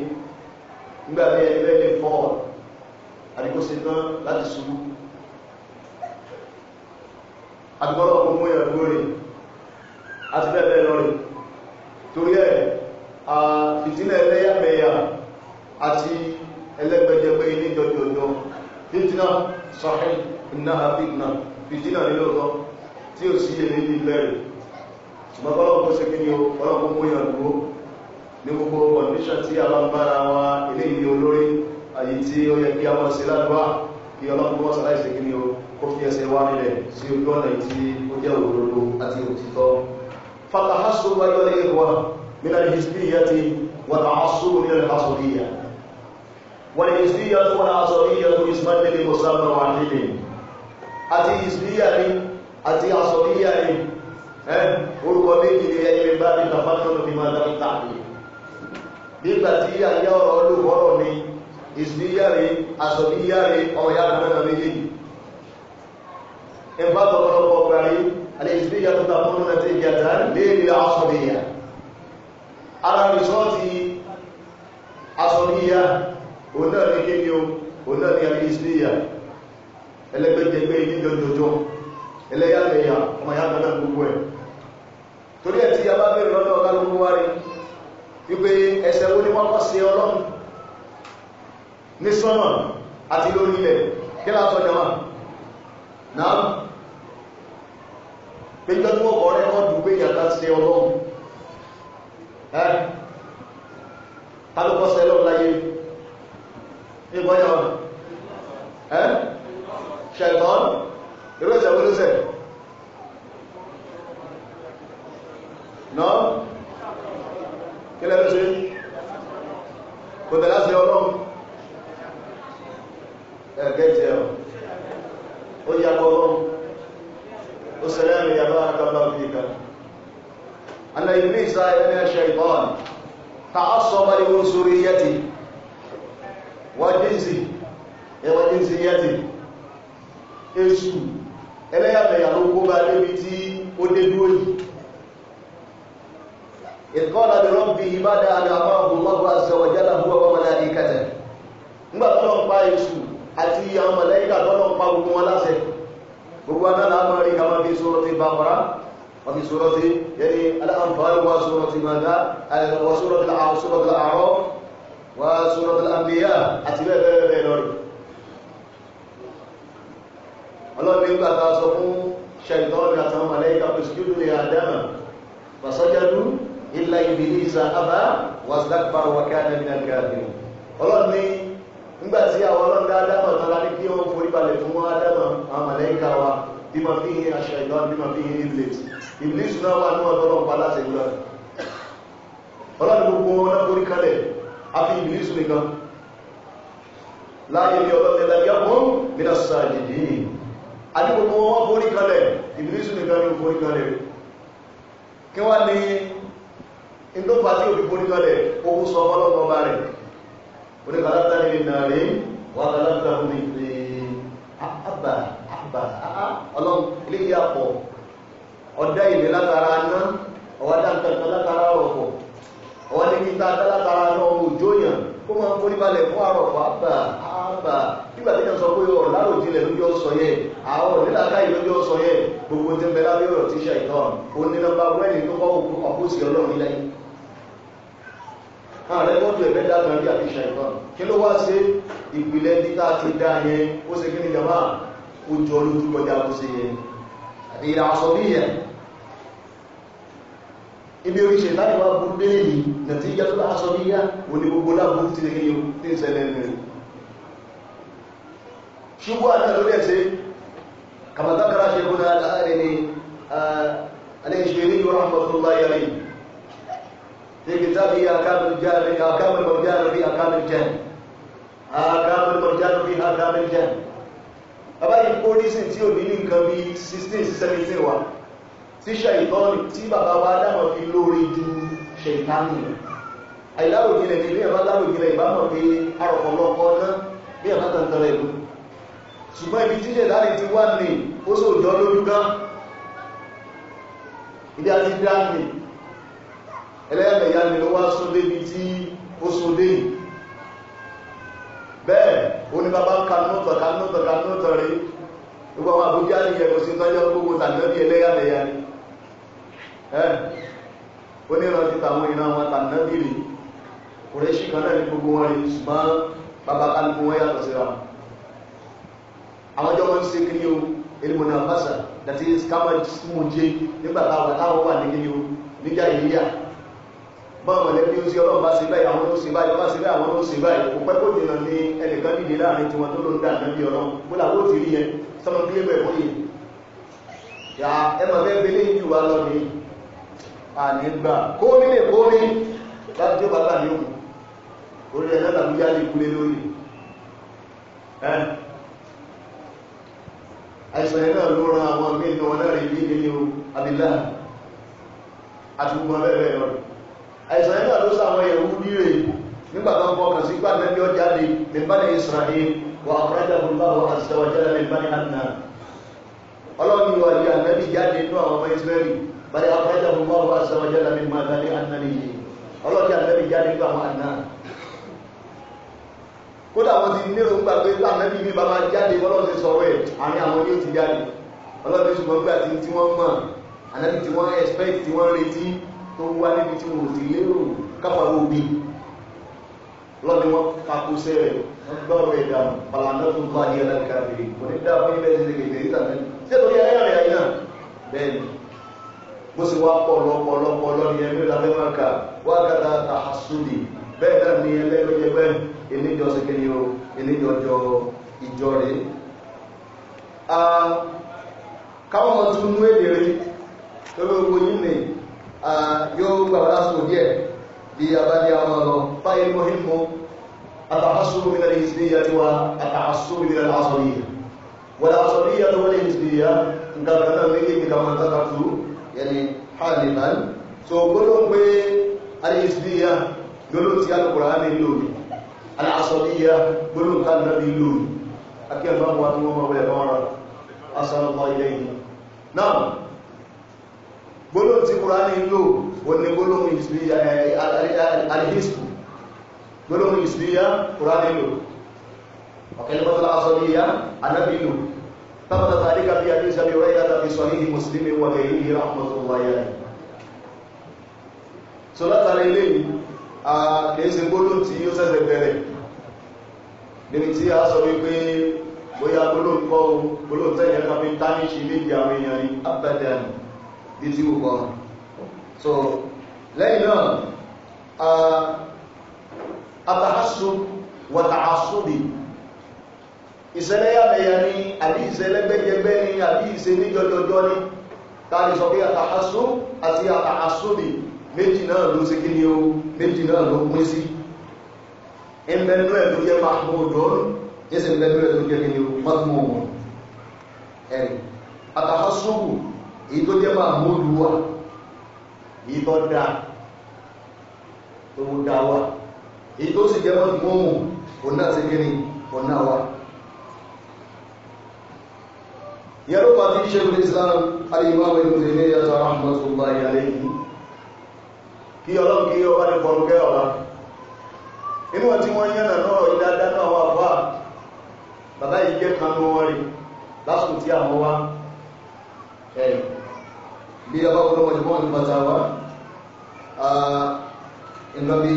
nígbà bí ẹni bẹ́ẹ̀ fọ́ àdìgbòsí tán láti ṣubú àtìgbọ́lọ̀ ọkùn mú ìyàdúgbò rẹ̀ àti bẹ́ẹ̀ lọ rẹ̀ torí ẹ̀ ìtìlẹ̀ ẹlẹ́yàmẹ̀yà àti ẹlẹ́gbẹ̀jẹgbẹ́ ilé jọjọjọ fìtínà sahih innaha fitna fìtínà nílòótọ́ tí ò sí èlé ní lẹ́rìn ṣùgbọ́n bọ́lọ́pọ̀ sí kí ni ó bọ́lọ́pọ̀ mú yàn dúró ní gbogbo condition tí a bá ń bára wa ilé ìlú olórí àyí tí ó yẹ kí a mọ̀ sí ládùá kí ọlọ́pọ̀ mọ́ sàlá ìsìnkí ni ó kó fi ẹsẹ̀ wá nílẹ̀ sí ojú ọ̀nà tí ó jẹ́ òdodo àti òtítọ́ fatahasu wáyọ́ ní ìwà من الحزبية والعصر من العصرية والحزبية والعصرية اسمان لمسمى واحد أتي حزبية àti àsọ̀bíyà ni orúkọ méjì ni ẹni bá ní tàbátọ́nù ní máa dárí tàbí nígbà tí àyá ọ̀rọ̀ olùwọ́rọ̀ ni ìsìníyà rí àsọ̀bíyà rí ọ̀yá àgbẹ̀rẹ̀ méjì ẹ̀bá tọ̀pọ̀lọpọ̀ gbàrí àti ìsìníyà tó tàbátọ́nù àti ìjàdá léèrè àsọ̀bíyà ara rìsọ́ọ̀tì àsọ̀bíyà òun náà ní kéde òun náà ẹlẹ́yàmẹ̀yà ọmọ ìyá gbọ́dọ̀ gbogbo ẹ̀ torí ẹ̀ tí a bá bẹ̀rẹ̀ lọ́dọ̀ ọ̀gá gbogbo wa rí wípé ẹsẹ̀ wo ni wọ́n kọ́ sí ọlọ́run ní sọ́nà àti lórí ilẹ̀ kí látọ̀ jọmọ́ náà péjọ tó kọ́ dùn pé ìyàtà sí ọlọ́run ẹ́ tàbíkọ́ sẹ́lọ̀ láyé ní ìgbọ́yàwó ẹ́ ṣẹ̀tọ́nù irú ẹ̀ṣẹ̀ wo ló ṣẹ̀ náà kí lẹ́nu ṣe kò tẹ̀lá sí ọlọ́run ẹ̀gẹ́jẹ̀ ọ̀ ó yàgbọ́ ọlọ́run ó sẹ̀rẹ̀ rẹ̀ yàgbọ́ àgbàgbà fìkà أن إبليس من الشيطان تعصب لعنصريته وجنسه وجنسيته èṣù ẹlẹ́yàmẹ̀yà ló kó bá débi tí ó dé dúró yìí ìkọ́lá bí rọ́bì ìbádá àdàmà ọgbọ̀gbọ̀ àzọwọ̀jálà búwọ́ bọ́mọlá ní kẹtẹ̀ ńgbà tọ́lọ̀ ń pa èṣù àti àwọn mọ̀lẹ́yìnká tọ́lọ̀ ń pa gbogbo wọn láṣẹ gbogbo anáàlá máa rí kama bí sọ́rọ̀ ti bá fara وفي سورة يعني الأنفال وسورة ماذا؟ وسورة الأعراف وسورة الأنبياء أتباع ذلك ọlọ́run nígbà tá a sọ fún ṣẹ̀dọ́ọ̀nù àtàwọn màlẹ́kà pé sùkúrù ní àdámà fàṣọ́jọ́dú ilà ìbìlísà àbá wàsídàkùbárò wà káàdà ní àgbàdì ọlọ́run ní nígbà tí àwọn ọlọ́run dá ádámà tọ́lá ní kí wọ́n forí balẹ̀ fún ádámà àwọn màlẹ́kà wa bí ma fi hin aṣẹ̀dọ́ọ̀nù bí ma fi hin iblis iblis náà wà ní ọlọ́run pa láti gbà ọlọ́run gbogbo wọn náà forí kalẹ̀ àfi iblis nìkan láàyè ní ọlọ́run ẹ̀dá yàgbọ́n àti gbogbo wọn borí kalẹ̀ ìbílísù nìkan ní borí kalẹ̀ kí wá ní ìdópa tí òbí borí kalẹ̀ ogun sọ ọlọ́gbọ́n bá rẹ̀ oníkàlátà ní ìdàrí wà kàlátà ní ìpè àbà àbà ọlọ́run ilé ìyàpọ̀ ọ̀dá ìlé látara aná ọwá dáńtàkà látara ọ̀pọ̀ ọwá ní kíta látara náà òjò yàn kó máa borí balẹ̀ fún àrọ̀pọ̀ àbà àbà àkùbà nígbà tí yẹn sọ pé ọ̀rọ̀ láròjinlẹ̀ lójú ọ̀sọ̀ yẹn àwọn ọ̀rọ̀ nílàkà yìí lójú ọ̀sọ̀ yẹn gbogbo ti ń bẹ lábẹ́ ọ̀rọ̀ tíṣà ìtàn òní nọmba wẹ́ẹ̀nì tó kọ́ òkú ọ̀pọ̀sí ọlọ́run ilẹ̀ yìí. ààrẹ mọ́tò ẹ̀fẹ́ dàgbọ́n bí àfihàn ìtàn kí ló wá sí ìpìlẹ̀ títà ti dá yẹn ó ṣe kí ni jama ó jọ lójú kọjá bó ṣe yẹn ìrà àṣọ bí yẹn ibi oríṣẹ́ ìtàkùn wa burú délé yìí nàtíjà tó bá aṣọ bí yá òní gbogbo láburú ti lè kí ni ó ti ń ṣẹlẹ̀ nìyẹn shubu a nan duniyar sai kamar zakara shekuna al'ahari ne a nan shirin yi rahmatullahi alai sai kitabi a kamun jari a kamun marjari a kamun jan a kamun marjari a kamun jan a báyìí kó ní sí tí ò ní nǹkan bí 16-17 wa tí ṣàìtọ́nì tí bàbá wa dámọ̀ fi lórí ju ṣèǹtánì àìláwòjìnlẹ̀ ní ilé ẹ̀bá láwòjìnlẹ̀ ìbámọ̀ pé arọ̀pọ̀lọpọ̀ náà bí ẹ̀bá tàntàrà ìlú ṣùgbọ́n ibi jíjẹ̀ láti ti wà ní ó sọ òjò lójú gán ibi àti dáàmì ẹlẹ́yàmẹ̀yà ni ló wá sódé bí tí ó sódé yìí bẹ́ẹ̀ ó ní bàbá kanútọ̀ kanútọ̀ kanútọ̀ rí gbogbo àwọn àbújá ní ẹ̀kọ́ sí tọ́jọ́ gbogbo tàbí ẹlẹ́yàmẹ̀yà ni ẹ́ ó ní ìrántí tàwọn ìran wọn tàbí rí kòrẹ́ṣì kan náà ní gbogbo wọn rí ṣùgbọ́n bàbá kanútọ̀ wọn yàtọ̀ síra wọn àwọn ọjọ́ wọn ń ṣe kiri o elimọ̀nà àbáṣà that is kama múnjẹ nígbà táwọn wà ní kiri o níjà ìyíyà báwọn mọ̀lẹ́bí ó sí ọlọ́run bá ṣe báyìí àwọn ó ṣe báyìí bá ṣe báyìí àwọn ó ṣe báyìí kò pẹ́ kò dìnà ní ẹnìkan dìde láàrin tiwọn tó ló ń dà náà bí ọlọ́run kó làwọn ó ti rí yẹn sọmọ bí ẹgbẹ́ ẹ̀kọ́ yìí yà ẹmọ bẹ́ẹ̀ bí léyìn jù wá lọ ní ànígbà kó ní lè kó ní láti tó bàbá ní òkú orí ẹ̀ náà làbújá lè kúlé lórí ẹ́ àìsàn yẹn náà ló ran àwọn míì náà wọn náà rí ní ilé abilá àti gbogbo abẹ́rẹ́ lọ àìsàn yẹn náà ló sàwọn ẹ̀rú níre nígbà tó ń bọ́ kàn sí gbàgbẹ́ ọjà lè mẹ́bá ní Israel wà àkọ́rẹ́jà bùbá wà àṣìṣẹ́wọ̀jẹ́ mẹ́bá ní àdínà ọlọ́run ìwà ìyá nẹ́bí jáde kódà wọ́n ti ní òun gbàgbé lànàbí ní bàbá jáde bọ́lọ́sí sọ̀rọ̀ ẹ̀ àní àwọn ní ó ti jáde ọlọ́bí ṣùgbọ́n gbà tí tí wọ́n mọ̀ ànábì tí wọ́n expect tí wọ́n retí tó wá níbi tí wọ́n ti lérò kápàwó bí lọ́bí wọ́n takúṣẹ́ rẹ̀ wọ́n gbọ́ rẹ̀ dànù pàlànà tó bá ní ẹlẹ́kàfẹ́ kò ní dáa fún ibẹ̀ ṣe kèké ìtàn ṣé torí ayé rẹ̀ ayé náà bẹ́ẹ̀ ni bó ṣe wá pọ̀ lọ́pọ̀lọpọ̀ lọ́ni ẹgbẹ́ lábẹ́ máa kà wákàtà àhásùdì bẹ́ẹ̀ náà ni ẹlẹ́gbẹ́gbẹ́ eléjọ́ sí kí ni o eléjọ́ jọ ìjọ rẹ̀ káwọn ọmọ tún mú èdè rí lórí ogun yìí ni yóò gbà wọ́n lásìkò díẹ̀ bí abájá ọmọ lọ fáyé mọ́ hìmọ́ àtàhásùrù mi lẹ́yìn ìsìnìyà tí wá àtàhásùrù mi lẹ́yìn àsọ̀rìyà wọ́n àsọ̀rìyà tó wọ́n lẹ́yìn ìsìnìyà nǹkan kan náà méjèèjì kan máa tàkàtù yẹni hàlìmán so gbọ́dọ̀ pé àlẹ́yìn ìsìnìyà gbólóhùn tí alùkùránì lónìí aláṣọ́líyà gbólóhùn tá nàbí lónìí akẹ́bà wọn tí wọ́n mọ̀ wẹ̀ lọ́rọ̀ asánàmọ́ ilẹ̀ yìí náà gbólóhùn tí kùránì lò wọ́n ni gbólóhùn ìsìlíyà alìhísù gbólóhùn ìsìlíyà kùránì lò ọ̀kẹ́lẹ́mọ́tọ́lá asọ́líyà anábì lò ثبت ذلك في حديث ابي هريره في صحيح مسلم وغيره رحمه الله عليه صلاه الليل a kìí ṣe gbólóhùn tí yóò ṣẹ̀ṣẹ̀ bẹ̀rẹ̀ níbi tí a sọ wípé bóyá gbólóhùn kọ́ gbólóhùn tẹ́yẹ kan fi táníṣì méjì àwọn èèyàn ní abadan bí tí ó kọ́ so lẹ́yìn náà àtàhásù wàtàhásùdì ìṣẹ̀lẹ̀ yàmẹ̀yà ni àbí ìṣẹ̀lẹ̀ gbẹ́gbẹ́ ni àbí ìṣẹ̀lẹ̀ jọjọjọ ni tàbí sọ pé àtàhásù àti àtàhásùdì méjì náà ló sí kí ni ó méjì náà ló pín sí ẹnbẹ̀nú ẹ̀ tó jẹ́ mahmudun jẹ́sẹ̀ ẹnbẹ̀nú ẹ̀ tó jẹ́ kí ni ó mọ́tún ọmọ ẹ̀rì àtàkásùkù èyí tó jẹ́ mahmudu wa èyí tó dá tó mú kí ọlọ́run kí ọba ní fọ́nkẹ́ ọ̀la inú ọtí wọ́n yànnà náà ìdáadáa náà wà fún wa bàbá yìí jẹ́ kan ló wọ́n rí lásìkò tí àwọn wá bí ọba ọlọ́wọ́ ni wọ́n ń bàtà wá ìlọ bí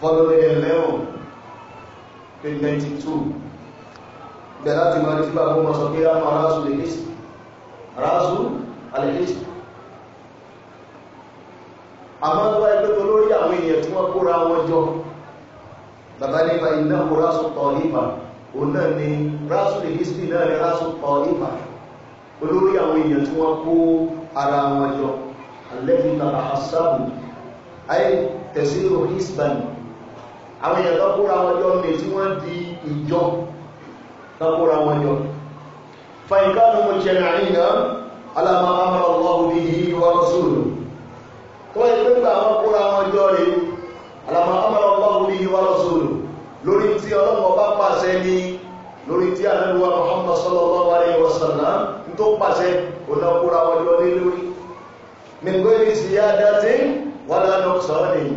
fọ́lọ́lẹ̀ ẹ̀lẹ́wọ̀n page 92 bẹ̀rẹ̀ láti máa rí sí bàbá ọmọ sọ pé ráṣù alẹ́kẹ́sì àmọ́ tó wáyé pé olórí àwọn èèyàn tí wọ́n kóra wọn jọ bàbá nípa iná kó rásù tọ̀ nípa òun náà ni rásù lè history náà ni rásù tọ̀ nípa olórí àwọn èèyàn tí wọ́n kó ara wọn jọ alẹ́bí tàbí ayé tẹ̀sílò hisban àwọn èèyàn tó wọn jọ ní tí wọ́n di ìjọ tó wọn jọ fàyíká ni mo jẹ́ àríyàn alama amara Allah bihi wa rasuluhu tó yẹ pé gbà wọn kóra wọn jọ rè àlàmà ọmọlọ ọlọ́run ní ìwà lọ́sọ̀rọ̀ lórí tí ọlọ́run bá pàṣẹ ní lórí tí àlẹ́lúwà Muhammad sallallahu alaihi wasallam ń tó pàṣẹ ọ̀nà kóra wọn jọ lé lórí mẹgbẹ́lì sí adájí wà lánà sọ̀rọ̀ nìyí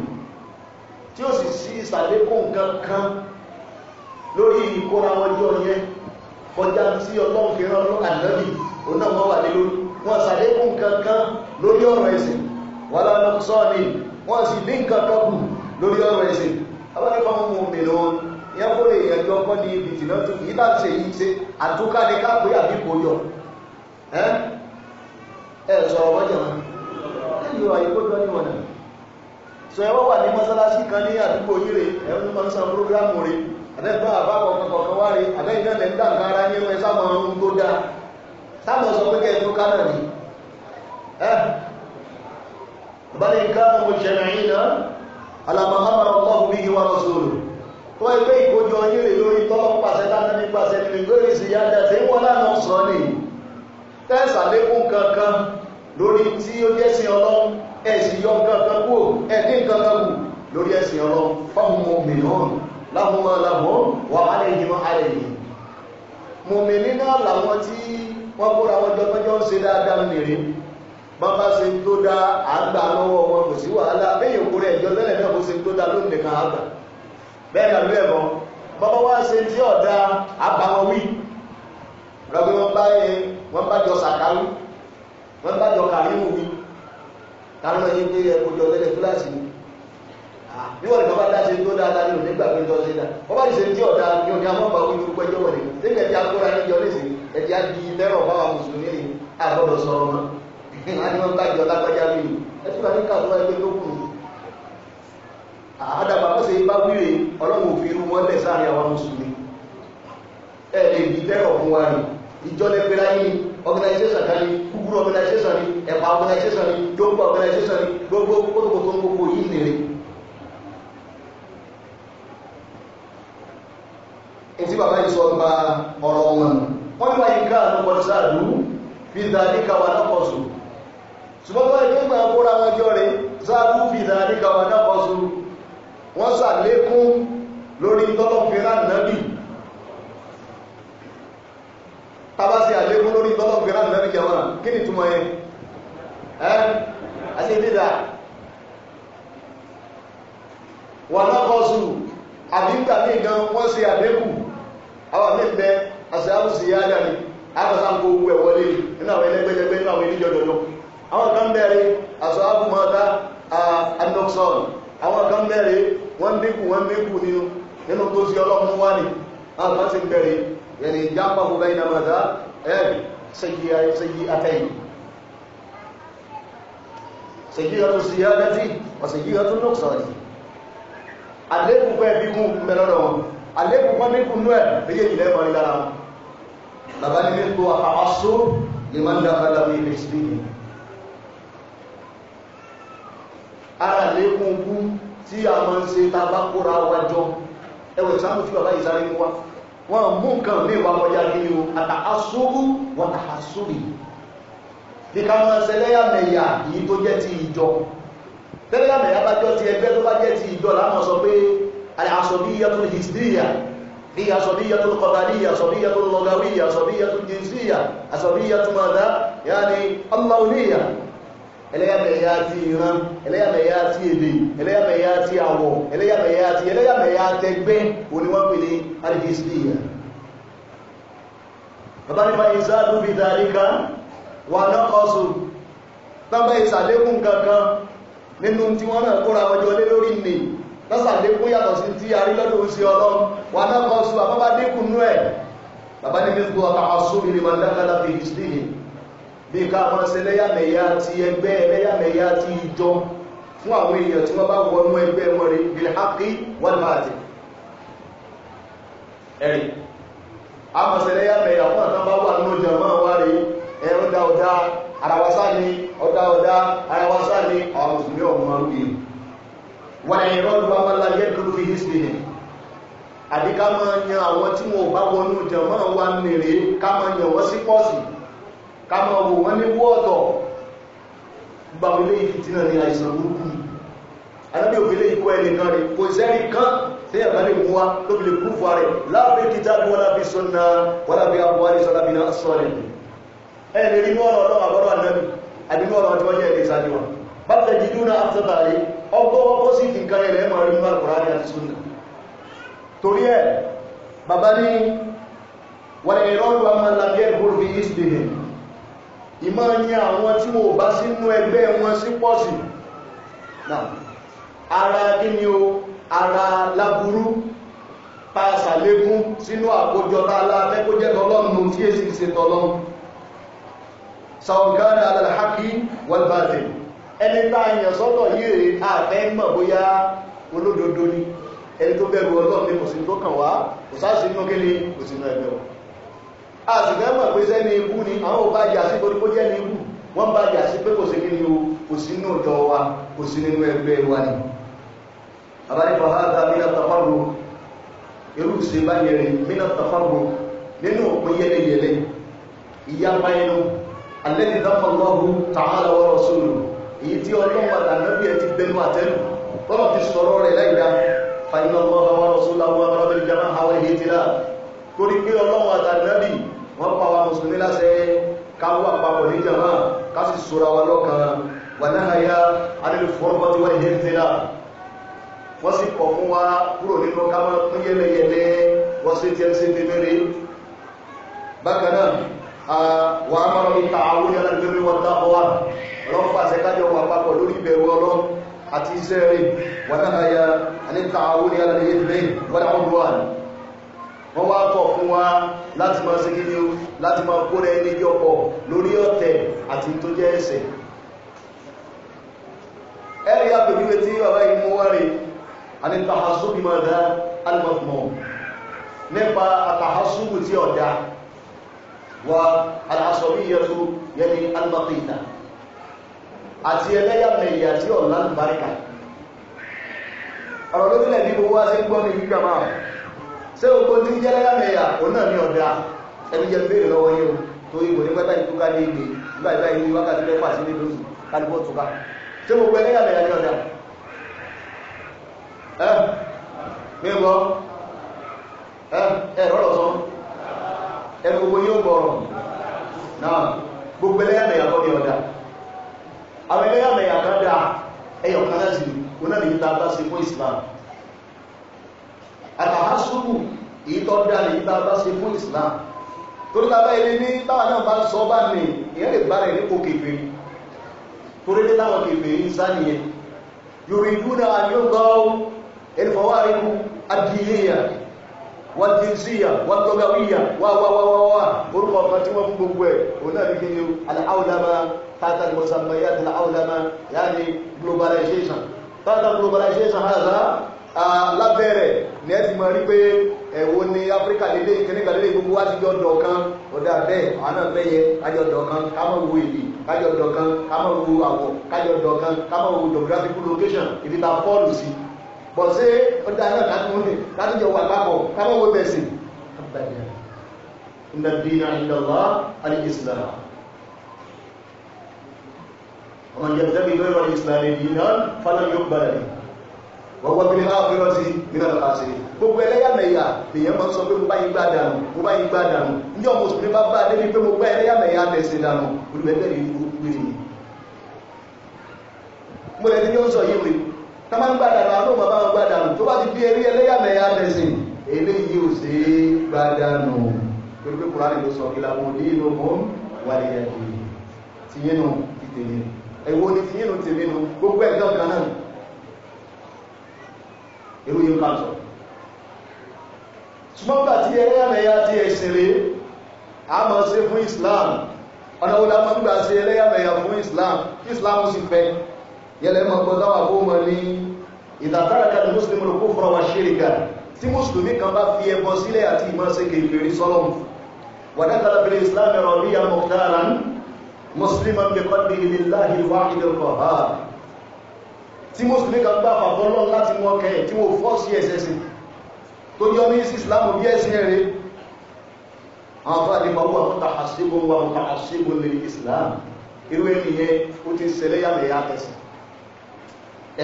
tí ó sì sí ìsàlékún kankan lórí ìkóra wọn jọ yẹn kọjá tí ọlọ́run fi rán lọ́kàn lọ́bì ọ̀nà wọn wà lé lórí wọn sàlékún kankan lórí ọ̀rọ̀ ẹ̀sìn wọ́n lọ́nà sọ́ọ̀nì wọ́n sì bí nǹkan kọ́kù lórí ọ̀rọ̀ ẹ̀sìn abẹ́rẹ́kọ́ mú mi lọ ìyẹn kó lè yẹn jọ kọ́ ní ibi tìǹà tó yìí bá ṣe yìí ṣe àtúkà ní káàpé àbí kò yọ ẹ sọ̀rọ̀ wọ́n jẹ̀ wọn lẹ́yìn ọ̀rọ̀ ìkó jọ níwọ̀n náà sọ ẹ wọ́n wà ní mọ́sálásí kan ní àdúgbò yìí rè ẹ ń máa ń san prógrámù rè pé kẹ́ẹ̀ tó ká náà ni bal kanu mujtami'ina ala ma amara Allahu bihi wa rasuluhu tó ẹgbẹ́ ìkójọ yín lè lórí tọ́lọ́ pàṣẹ dáná nípa sẹ́ni lórí ìsìyájá tí wọ́n lánà sọ ní tẹ́sà lékún kankan lórí tí ó jẹ́ sí ọlọ́run ẹ̀sìn yọ kankan kú ẹ̀dín kankan kù lórí ẹ̀sìn ọlọ́run fáwọn mọ̀mìnàn láhùnmọ́ láhùn wà alẹ́yìnmọ́ alẹ́yìn mọ̀mìnà láwọn tí wọ́n kóra wọn jọ tọ́jọ́ ń ṣe dáadáa nìrí bàbá ṣe ń tó dá àgbà lọ́wọ́ wọn kò sí wàhálà bẹ́yìn òkú rẹ̀ ìjọ tẹ́lẹ̀ náà bó ṣe ń tó dá lónìí kan àgbà bẹ́ẹ̀ náà lóyẹ̀ mọ́ bàbá wá ṣe tí ọ̀dá àbáwọn wí rọ̀bí wọ́n bá yẹ wọ́n bá jọ sàkárù wọ́n bá jọ kàríwù wí kàríwù yìí pé ẹ kò jọ tẹ́lẹ̀ fúláṣì ni bí wọ́n ní bàbá dá ṣe tó dáadáa ní onígbà pé jọ ṣe dá wọ́n bá ṣe tí ọ̀dá ní ní ìhàn ni wọ́n kájọ lágbájá mi ẹ̀sùn àti kàtúwà ẹgbẹ́ tó kù àádàbà mọ́sẹ̀ bá wíre ọlọ́run òfin irú wọn lẹ̀ sáàrin àwọn mùsùlùmí ẹ̀ lè bí tẹ́rọ̀ fún wa rìn ìjọ lẹ́gbẹ́ láyé organization kan ní kúkúrú organization ní ẹ̀pà organization ní yóò organization ní gbogbo kótókó tó ń gbogbo yìí nìrí ètí bàbá yìí sọ gba ọ̀rọ̀ wọn wọ́n ní wáyé káà ló kọjú sáà lù bí dáadé káwà lọ́kọ̀ọ́sù ṣùgbọ́n bá ilé ìgbà kóra wọn jọ rẹ̀ záàbù fìdá níka wọn dákọ̀ sórí wọ́n sàlékún lórí tọ́lọ̀fẹ́ràn náàbì tàbá sí àlékún lórí tọ́lọ̀fẹ́ràn náàbì kẹwàá kí ni túnmọ̀ yẹn ẹ́ àti ìdídà wọn dákọ̀ sórí àbígbà ní gan wọ́n sí àlékún àwọn mẹ́fẹ́ àṣẹ àbùsí yá dàní àbàsá ń kó owó ẹ̀wọ́lé nínú àwọn ẹlẹ́gbẹ́jẹgbẹ́ nínú àwọn ìdíjọ́jọ́jọ́ àwọn kan bẹ̀rẹ̀ àṣọ àbùmọ́ta anoxon àwọn kan bẹ̀rẹ̀ wọ́n dínkù wọ́n dínkù nínú nínú tó sí ọlọ́run wá ní àwọn kan sì ń bẹ̀rẹ̀ yẹni jápa fún bẹ́yìn àmàdá ẹ̀rì sẹ́yí atẹ́yìn sẹ́yí ọtún sí adẹ́tí ọ̀sẹ̀yí ọtún noxon àlékún fẹ́ bí kún mẹ́lọ́dọ̀ wọn àlékún fẹ́ bí kún nú ẹ̀ méjì ìlẹ́ bàbá ní mẹ́tò àfàwásó lè má ń ara lékún bú tí a máa ń ṣe tàbá kóra wájọ ẹwẹ̀ ìsáàmù tí bàbá ìsáré ń wá wọ́n mú nǹkan ní ìwà kọjá kí ni o àtà asúrú wọ́n tà asúrì bí ká máa ṣẹlẹ́yàmẹ̀yà yìí tó jẹ́ ti ìjọ tẹ́lẹ́yàmẹ̀yà bá jọ ti ẹgbẹ́ tó bá jẹ́ ti ìjọ láwọn sọ pé asọ̀bíyàtún hìsdíyà bí asọ̀bíyàtún kọ̀tàdíyà asọ̀bíyàtún lọ́gàwíyà asọ̀bíyàtún jìnsíyà asọ̀bíyàtún mọ̀dá yáni ọmọ oníyà ẹlẹ́yàmẹ̀yà ti ìran ẹlẹ́yàmẹ̀yà ti èdè ẹlẹ́yàmẹ̀yà ti àwọ̀ ẹlẹ́yàmẹ̀yà ti ẹlẹ́yàmẹ̀yà tẹgbẹ́ oníwọ́pẹ̀ ní alìdíṣìlìyà bàbá nípa ìsáàdù fi tàríkà wà náà ọsù tábẹ́ ìsàlékún kankan nínú tí wọ́n náà kóra wọjọ lé lórí nì lọ́sàlékún yàtọ̀ sí tí a rí lọ́dọ̀ òsì ọlọ́run wà náà ọsù àbábá dínkù nú ẹ̀ bàbá ní mí bí ká máa ṣe lẹ́yàmẹ̀yà ti ẹgbẹ́ lẹ́yàmẹ̀yà ti ìjọ fún àwọn èèyàn tí wọ́n bá wọnú ẹgbẹ́ wọn rí bilhaki wal batil ẹ̀rì a ṣe lẹ́yàmẹ̀yà fún àtàn bá wà nínú jàmá wá rí ẹ̀rọ dá ọ̀dá arawasa ni ọ̀dá ọ̀dá arawasa ni mùsùlùmí ká máa wò wọ́n ní wọ́ọ̀tọ̀ gbàwílé ìfìtínà ní àìsàn burúkú yìí alábí òfèlé ikú ẹnìkan rẹ̀ kò sẹ́rí kan tí ẹ̀bá lè mú wa tó fi lè kú fún rẹ̀ láàrin kìtà bí wọ́n lábí sọ́nà wọ́n lábí àbúwá ní sọ́nà bíná sọ́rẹ̀ ẹni rí mọ́ ọ̀rọ̀ àbọ́rọ̀ ànábì àdínú ọ̀rọ̀ tí wọ́n yẹ ẹ̀dẹ́ sáájú wọn bá tẹ̀ jí dúnà àtàtàrí ọgbọ́ ọkọ́ sí ti kan ilẹ̀ ẹ̀mọ̀ rí máa kùrá ní àti súnà torí ẹ̀ bàbá ní wọ́n ẹ̀rọ ìwà máa fi ìsìdìdì ìmọ̀ ní àwọn tí wọ́n bá sínú ẹgbẹ́ wọn sí pọ̀sì ara kí o ara láburú pàṣàlégún sínú àkójọba aláfẹ́ kó jẹ́ tọ́lọ́nù tí è sì ṣe tọ́lọ́nù sàọ̀gára alàlhàkí wọlbàdì ẹni táyàn sọ́tọ̀ yìí àfẹ́ mọ̀ bóyá olódodo ni ẹni tó bẹ̀rù ọlọ́run kò sí tó kàn wá kò sáà sínú kí ni kò sínú ẹgbẹ́ wọn a sì fẹ́ mọ̀ pé sẹ́ni ibú ni àwọn ò bá jà sí torí kó jẹ́ ní ibú wọ́n bá jà sí pé kò sí nínú kò sí nínú ìjọ wa kò sí nínú ẹgbẹ́ wa ni àbánífà hádà mínà tàfàrù nínú òpin yẹlẹyẹlẹ ìyapa ẹnu alẹ́ni dáfàlọ́hù tààlà wa rasuluhu èyí tí ọlọ́run àtànábì ẹ ti wọ́n pa wa mùsùlùmí láṣẹ káwọ́ àpapọ̀ ní jama ká sì sora wa lọ́kàn wà náà ya alẹ́lú fọ́nbọ́n tí wọ́n yẹ ń tẹ́lá wọ́n sì kọ̀ fún wa kúrò nínú ká máa pín yẹlẹyẹlẹ wọ́n sì tiẹ́ sí bíbélé bákan náà wà á máa ń ta àwọn yàrá lórí wọn dábọ̀ wa ọlọ́run pàṣẹ kájọ wà papọ̀ lórí ìbẹ̀rù ọlọ́run àti iṣẹ́ rẹ̀ wà náà ya alẹ́ ta àwọn yàrá lórí ìbẹ̀rù wọn dábọ̀ wọ́n wá kọ̀ fún wa láti máa ṣe kí ni ó láti máa kó rẹ ní yọpọ̀ lórí ọ̀tẹ̀ àti tó jẹ́ ẹ̀ṣẹ̀ ẹ̀rí àpèjúwe tí bàbá yìí mú wá rè àti tàhásùbì máa dá alìmọ̀tìmọ̀ nípa àtàhásùbù tí ọ̀dá wa alásọ̀bíyẹ̀tú yẹni alìmọ̀tìta àti ẹlẹ́yàmẹ̀yà tí ọ̀lá àlùbáríkà ọ̀rọ̀ lórílẹ̀ bí gbogbo wá sí gbọ́ ní gbígbà máa ṣé gbogbo tí ń jẹ́ lẹ́yàmẹ̀yà òun náà ní ọ̀dà ẹni jẹ́ béèrè lọ́wọ́ yìí o tó ìwò ní pátá ìlú ká ní ìgbè nígbà ìgbà ìlú wákàtí mẹ́fà sí ní lóṣù kálíbọ̀ tó ká ṣé gbogbo ẹlẹ́yàmẹ̀yà ní ọ̀dà ẹ mímọ́ ẹ ẹ̀rọ lọ́sọ́ ẹ gbogbo yóò gbọ́rọ̀ náà gbogbo ẹlẹ́yàmẹ̀yà kọ́ ní ọ̀dà àwọn ẹlẹ́yàmẹ̀yà kan dáa ẹyọ̀ kan láti òun náà nìyí ta bá ṣe fún ìsìlámù àtàhásùmù èyí tó dá lè bá bá ṣe fún Islam torí bàbá ilé ní báwa náà bá sọ bá ní ìyẹn lè bá rẹ̀ ní kò kèfèrí torí lé táwọn kèfèrí ń sá nìyẹn yorùdúnà àyọ́gbáwó ẹnfọwárínú adìyẹyà wà jínsíyà wà gọgawíyà wà wàwàwàwà orúkọ ọ̀fà tí wọ́n fún gbogbo ẹ̀ òun náà nìkí ni aláwọ̀dáma tata mọ̀sánbáyà aláwọ̀dáma yáni globalization tata globalization hàzá lábẹ́rẹ̀ ní ẹ ti mọ̀ rí pé ẹ̀wọ́ ní áfíríkà lélé ìkẹ́nìkà lélé gbogbo wá ti jọ dọ̀ kan ọ̀dà bẹ́ẹ̀ àwọn náà bẹ́yẹ kájọ dọ̀ kan kámọ̀ wo èdè kájọ dọ̀ kan kámọ̀ wo àwọ̀ kájọ dọ̀ kan kámọ̀ wo geographical location ìdí ta fọ́ọ̀lù sí bọ̀ sí ọ̀dà náà kátó ní láti jọ wà papọ̀ kámọ̀ wo bẹ̀sì ìdàdínà ìdàlá alìsìlá ọmọ yẹn tẹ́bi lórí ìsìlá wọ́n wọ́n bíi láwọn fẹ́ràn sí nínú ọ̀nà àṣẹ gbogbo ẹlẹ́yàmẹ̀yà èèyàn máa ń sọ pé mo bá yín gbá dànù mo bá yín gbá dànù ní ọmọ òṣèlú bá bá débi pé mo gbá ẹlẹ́yàmẹ̀yà àtẹ̀sẹ̀ dànù olùbẹ̀bẹ̀ rí gbogbo èèyàn mo lẹ́ni ní ó ń sọ yìí rí tá máa ń gbá dànù àwọn ọmọ bá wọn gbá dànù tó bá ti bí eré ẹlẹ́yàmẹ̀yà àtẹ̀sẹ̀ eléyìí ò sí gbá dànù torí pé kùránì ló ìlú mọ́ irú yìí ká sọ ṣùgbọ́n gbà tí ẹlẹ́yàmẹ̀yà ti ẹ̀sìn rẹ̀ a mọ̀ sí fún Islam ọ̀nà wo la mọ̀ nígbà sí ẹlẹ́yàmẹ̀yà fún Islam Islam sì fẹ́ yẹlẹ́ mọ̀ gbọ́ dáwà bó mọ̀ ní ìdàtàràkà ní mùsùlùmí rò kó fọ́ra wa ṣíríkà tí mùsùlùmí kan bá fi ẹbọ sílẹ̀ àti ìmọ̀ sí kèfèrí sọ́lọ́mù wàdákàlà bí Islam rọ̀ bí i mọ̀tàrà mùsùlùmí bí kọ́ tí mùsùlùmí kan gbà fàbọ́ lọ́n láti mú ọkẹ̀ tí wọ́n fọ́ sí ẹ̀sẹ̀ sí tó yọ ní sí islam bí ẹ̀sìn rẹ̀ àwọn afọ́ àdébáwọ́ àkúta àṣíbò wà mọ́ta àṣíbò lè islam irú ènìyàn ó ti ṣẹlẹ̀ yàmẹ̀ yà tẹ̀sìn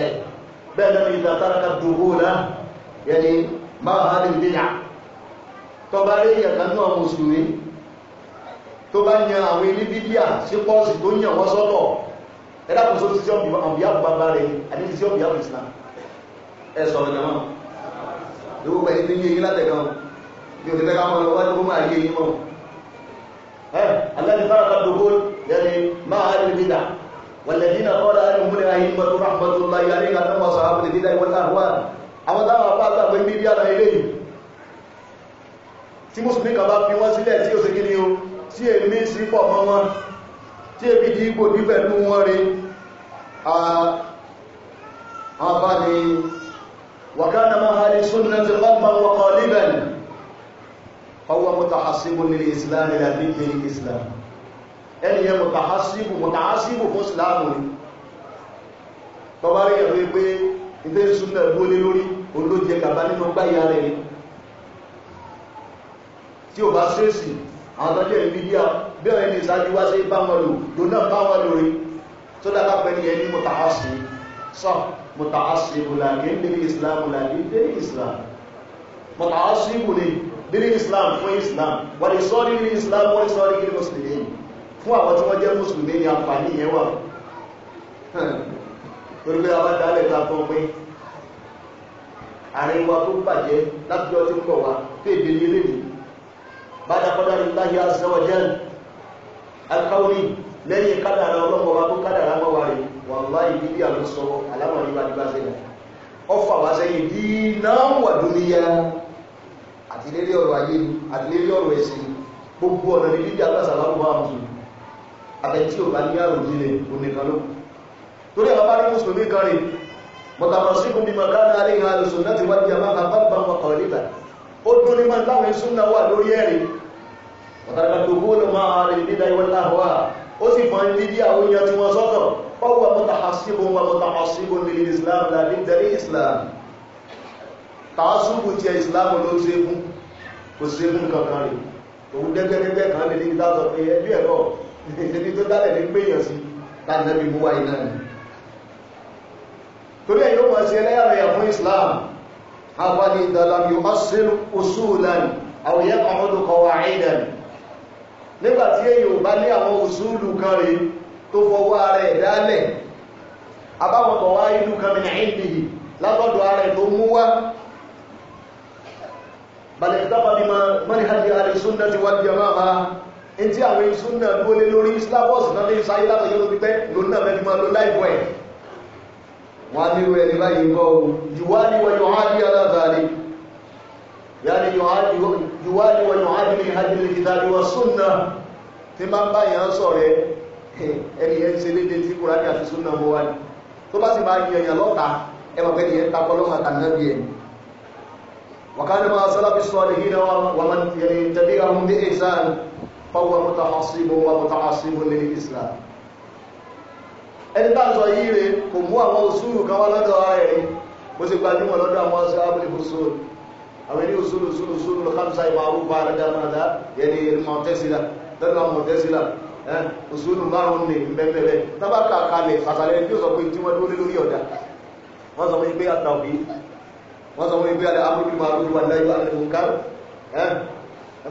ẹ̀ bẹ́ẹ̀ lẹ́nu ìgbà tára dùgbò náà yẹni máa hà ní ìdíyà tó bá rí ìyàtà náà mùsùlùmí tó bá yan àwọn ilé bíbíà sí pọ́ọ̀sì tó yàn wọ́n sọ́tọ̀ ẹ̀dá kò sóbi sí ọ̀bí àbúgbàgbà rẹ̀ àti sí ọ̀bí àbú Islam ẹ̀ sọ ọ̀rọ̀ jọmọ́ lówó pẹ̀lú ní yẹyìn látẹ̀kan ní òtẹ́tẹ́ ká mọ́ wájú kó máa yẹyìn mọ́ ẹ̀ alẹ́ni fara ká dogo yẹni máa rí bídà wàlẹ́dínà ọ̀rọ̀ àti múlẹ̀ ayé mọ́tò rahmatullahi alẹ́ ìgbà tó wọ́n sọ àwọn ìdídá ìwọ́n láàrúwà àwọn táwọn apá àgbà ń bíbí àlà ilé yìí tí mùsùlùmí kan bá fi wọ́n sílẹ̀ tí ó sì kí ni o tí èmi sí pọ̀ mọ́ wọn tí ebi di ipò ní pẹ̀lú wọn rí àbá ni wàkánà máa ha ní súnnà ti kọ́gbà wọ́kọ̀ níbẹ̀ni fọwọ́ mutahasibu ní islam ní àbíkẹ́ islam ẹni yẹ mutahasibu mutahasibu fún islam ni tọ́bárí ẹ̀rọ pé ilé súnnà gbólé lórí olóòjẹ́ kàbá nínú gbáyà rẹ̀ tí ò bá sẹ́sì àwọn tó jẹ́ ìbí díà bí ọ̀rẹ́ ní ìsájú wá sí bá wọn lò lò náà bá wọn lò rí tó dábà pẹ́ ní ẹni mọ̀tàásì sọ mọ̀tàásì ìbùlàgé nílé islam ìbùlàgé nílé islam mọ̀tàásì ìbùlé nílé islam fún islam wọ́n lè sọ́ọ́ nílé islam wọ́n lè sọ́ọ́ nílé mùsùlùmí fún àwọn tí wọ́n jẹ́ mùsùlùmí ni àǹfààní yẹn wà torí pé abá dálẹ̀ ta fún pín àárín wa tó bàjẹ́ láti ọjọ́ ń bọ̀ wá tó ní ilé بعد قدر الله عز وجل القولي lẹ́yìn kádàrà ọlọ́pọ̀ wa tó kádàrà mọ́ wa rí wàláhì ìbílí àwọn sọ aláwọ̀ rí bá ní bá sẹ́yìn ọfà wá sẹ́yìn bí náà wà dúníyà àtìlérí ọ̀rọ̀ ayé àtìlérí ọ̀rọ̀ ẹ̀sìn gbogbo ọ̀nà ní bíbí alásàlámù wà mú àbẹ̀tí ò bá ní àrùn jílẹ̀ oníkan ló torí àwọn bá ní mùsùlùmí kan rí mọ̀tàmọ̀sí kún bí mọ̀kánà alẹ́ ìhàlùsùn láti wájú àbá ó dún ní máa táwọn súnà wà lórí ẹ̀rìn ọ̀tàdàgbàdògbò ló máa rẹ̀ nílá ìwọ̀n láhọ́wà ó sì fọ́n ní bí àwọn èèyàn tí wọ́n sọ́tọ̀ pọ́wọ́ wa mọ́ta hasibu islam láti islam tàásùbù ti islam ló ṣeégún kò ṣeégún kankan rẹ̀ òun dẹ́gbẹ́dẹ́gbẹ́ kan lè ní dáàtọ̀ pé ẹjú ẹ̀kọ́ ìṣẹ́bí tó dálẹ̀ ní péyàn sí láti tẹ́bí mú torí ẹ̀ mọ̀ sí ẹlẹ́yàmẹ̀yà fún islam هذا إذا لم يؤصل أصولا أو يقعد قواعدا nígbàtí èyàn bá ní àwọn òṣùlù kan rí tó fọwọ́ ara ẹ̀ dálẹ̀ àbáwọn kọ̀wá ìlú kan ní àìdìyì látọ̀dọ̀ ara ẹ̀ tó mú wá balẹ̀ ìtàbà bí mọ́ni hajji alìsúnnà ti wá jẹ máa máa in tí àwọn ìsúnnà ló lé lórí islamọ́sì náà lè sáyé látọ̀ yóò pípẹ́ lónà mẹ́rin máa ló láìpọ̀ ẹ̀ wọ́n á nílò ẹni báyìí ń bọ́ o yùwádìí wọ́n yọ̀ á bí aláàbàlẹ̀ yàní yùwádìí wọ́n yọ̀ á bí hadil kitabi wa súnà tí máa ń báyìí ń sọ̀rọ̀ ẹni ẹ̀ ń ṣe léde tí kùránì àti súnà mọ́ wá ní tó bá sì máa yan yàn lọ́ta ẹ mọ̀ pé ni ẹ̀ ń takọ́ lọ́mọ àtàlẹ́bí ẹ̀ وكان مع سلف الصالحين ومن فهو متحصب ومتعصب للإسلام ẹni bá sọ yí re kò mú àwọn òṣùrù kan wá lọ́dọ̀ ara rí bó ti gbajúmọ̀ lọ́dọ̀ àwọn ọ̀sẹ̀ abúlé òṣùrù àwọn ilé òṣùrù òṣùrù òṣùrù lọ́kàmsá ìmọ̀ àrùbá àdámáadá yẹni mọ̀tẹ́sílà lọ́dọ̀ àwọn mọ̀tẹ́sílà òṣùrù márùn-ún ní mẹ́mẹ́rẹ́ tábàkà kalẹ̀ àtàlẹ́ bí ó sọ pé tí wọ́n dúró lórí ọ̀dà wọ́n sọ pé àtàwí wọ́n sọ pé alẹ́ abúlé màrúdù wà láyé àlẹ́kùnkà ẹ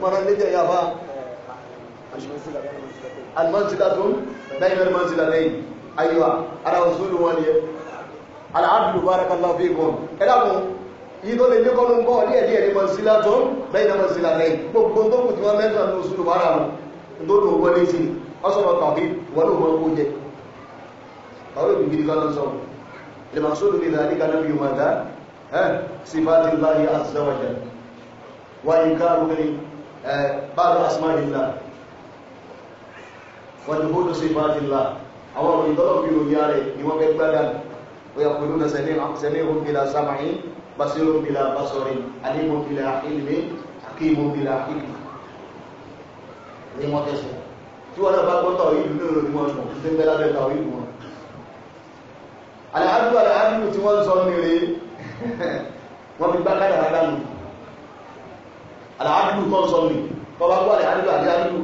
mọ̀ràn lẹ́jẹ̀ yàfa alimọ̀nsílà tó ń bẹ́ẹ̀ mẹ́rin mọ̀nsílà lẹ́yìn ayiwa ara òṣèlú wọn ni ẹ aláàdùn barakallahu fikum ẹlẹ́kùn yìí tó lè lékọ́nù ń bọ́ díẹ̀ díẹ̀ ní mọ̀sílá tó ń bẹ́yìn mọ̀sílá lẹ́yìn gbogbo tó kù tí wọ́n mẹ́ta ní òṣèlú wàrà mọ̀ tó lò wọ́n lé sí ọsọ̀rọ̀ tàbí wọ́n ló mọ́ kó jẹ ọ̀rọ̀ ìbí gidi kan sọ lè máa sódò ní ìdájí kan níbi ìmọ̀dá sifati Allahi azza wa jalla wa inkaru ní ba'd asma'illah wa dukhulu sifati Allah àwọn òròyìn tọ́lọ̀ fi ròyìn ààrẹ ni wọ́n fẹ́ gbádà bóyá pẹ̀lú na sẹ́lẹ̀ òbílà sàmáyín basirò bílà basọ̀rì alímòbílà ilmi akímòbílà ilmi ní wọ́n tẹ́sùn tí wọ́n bá gbọ́tọ̀ ìlú ní òròyìn wọn mọ̀ tí bẹ́lá bẹ́ta ìlú wọn aláàdù aláàdù tí wọ́n sọ nílé [LAUGHS] wọ́n fi gbákàdà rádánù aláàdù tó sọ ní tọ́wọ́ gbọ́ aláàdù aláàdù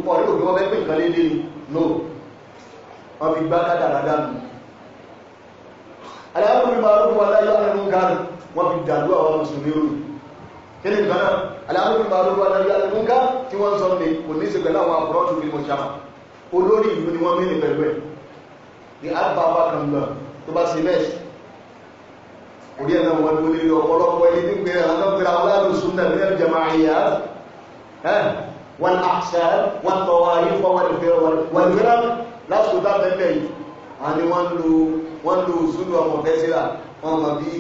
kọ́ wọ́n fi gbá kádàrá dànù aláàbò mi máa rúkú aláyọ àrùn gánù wọ́n fi dàlú àwọn mùsùlùmí rú kí ni nǹkan náà aláàbò mi máa rúkú aláyọ àrùn gánù sọ pé kò ní í ṣe pẹ̀lú àwọn tó fi mọ̀ ṣáà olórí ìlú ni wọ́n mẹ́rin pẹ̀lú ẹ̀ ní àbáwá kan lọ tó bá sí mẹ́sì orí ẹ̀nà wọn ló lè ọ̀pọ̀lọpọ̀ ẹni ní pẹ̀lú alágbèrè aláàrùsùn náà ní ẹ̀jẹ̀ máa yá wọn àṣà wọn tọwọ́ ayé fọwọ́ ìfẹ́ wọn ìrẹ́rẹ́ lásìkò dábẹ́lẹ̀ yìí wọ́n ni wọ́n lo wọ́n lo òṣùlù ọmọ mẹ́sílà wọ́n mọ̀ bí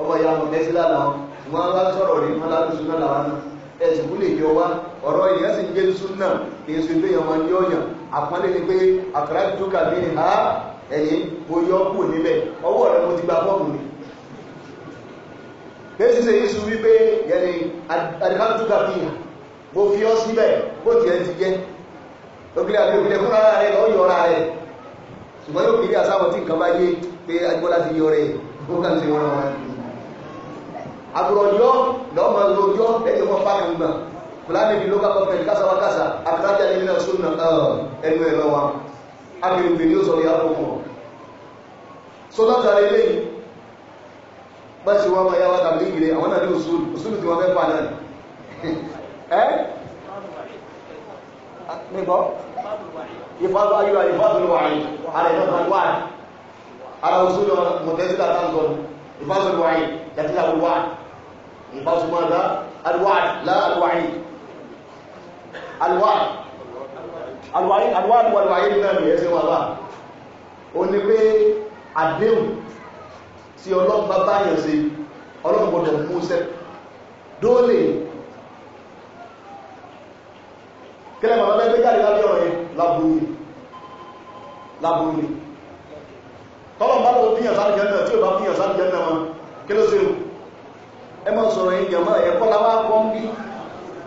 ọmọ ìyá ọmọ mẹ́sílà làwọn wọ́n wá sọ̀rọ̀ rí wọ́n lálùsù náà làwọn náà ẹ̀sìnkú lè yọ wá ọ̀rọ̀ ìyẹn sì ń gbé súnà èso ìlú èèyàn máa ń yọ yàn àpọ́nlé ni pé àkàrà tó kàbí ha ẹ̀yìn mo yọ kù níbẹ̀ ọwọ́ rẹ̀ mo ti gba bọ́ọ̀mù ni bẹ́ẹ̀ sì yíṣu wípé yẹni àdìkàtúkà fi hàn mo fi ọ́ síbẹ̀ bó tiẹ̀ ti jẹ́ lókìlẹ̀ àti òkìlẹ̀ fún ara rẹ̀ lọ́yọ̀ ọ̀rá rẹ̀ ṣùgbọ́n yóò kìlẹ̀ àsáwọn tí nǹkan bá yé pé agbọ́lá ti yọ rẹ̀ ó kàn sí wọn wọn àbúrọ̀jọ́ lọ́mọ lójọ́ lẹ́yìn wọn fáwọn gbà fúlàní di local government kásawakásá àbúrájà ní ilẹ̀ sọ́nà ẹnu ẹ̀ lọ́wọ́ agbègbè ni ó sọ ìyá fún bá ṣe wọn ọmọ ìyá wa tàbí ìgbìlẹ̀ àwọn náà ní òṣùlù òṣùlù [LAUGHS] mi gbọ́ ìfọ́dù ayúwa ìfọ́dù wàáyí ara ìfọ́dù wàáyí ara oṣù lọ mọ̀tẹ́sílà táǹkọ̀ọ́ ìfọ́dù wàáyí yàtìlà wàáyí ìfọ́dù mọ́dá alwàáyí láàlwàáyí alwàáyí alwàáyí alwàáyí wàáyí náà ni ẹsẹ̀ wàlá o ní pé àdéhùn tí ọlọ́pàá báyẹ̀ sí ọlọ́pàá kílẹ̀ bàbá bẹ́ẹ̀ gbẹ́gbẹ́ lábí ọ̀rọ̀ yẹn lábúrú lábúrú tọ́lọ̀ bá tó píyàn sáré jẹ́mẹ̀ tí ó bá píyàn sáré jẹ́mẹ̀ wọn kí ló sí ẹ mọ́ sọ̀rọ̀ yìí jẹ́mọ́ ẹ̀kọ́ láwá kọ́ ń bí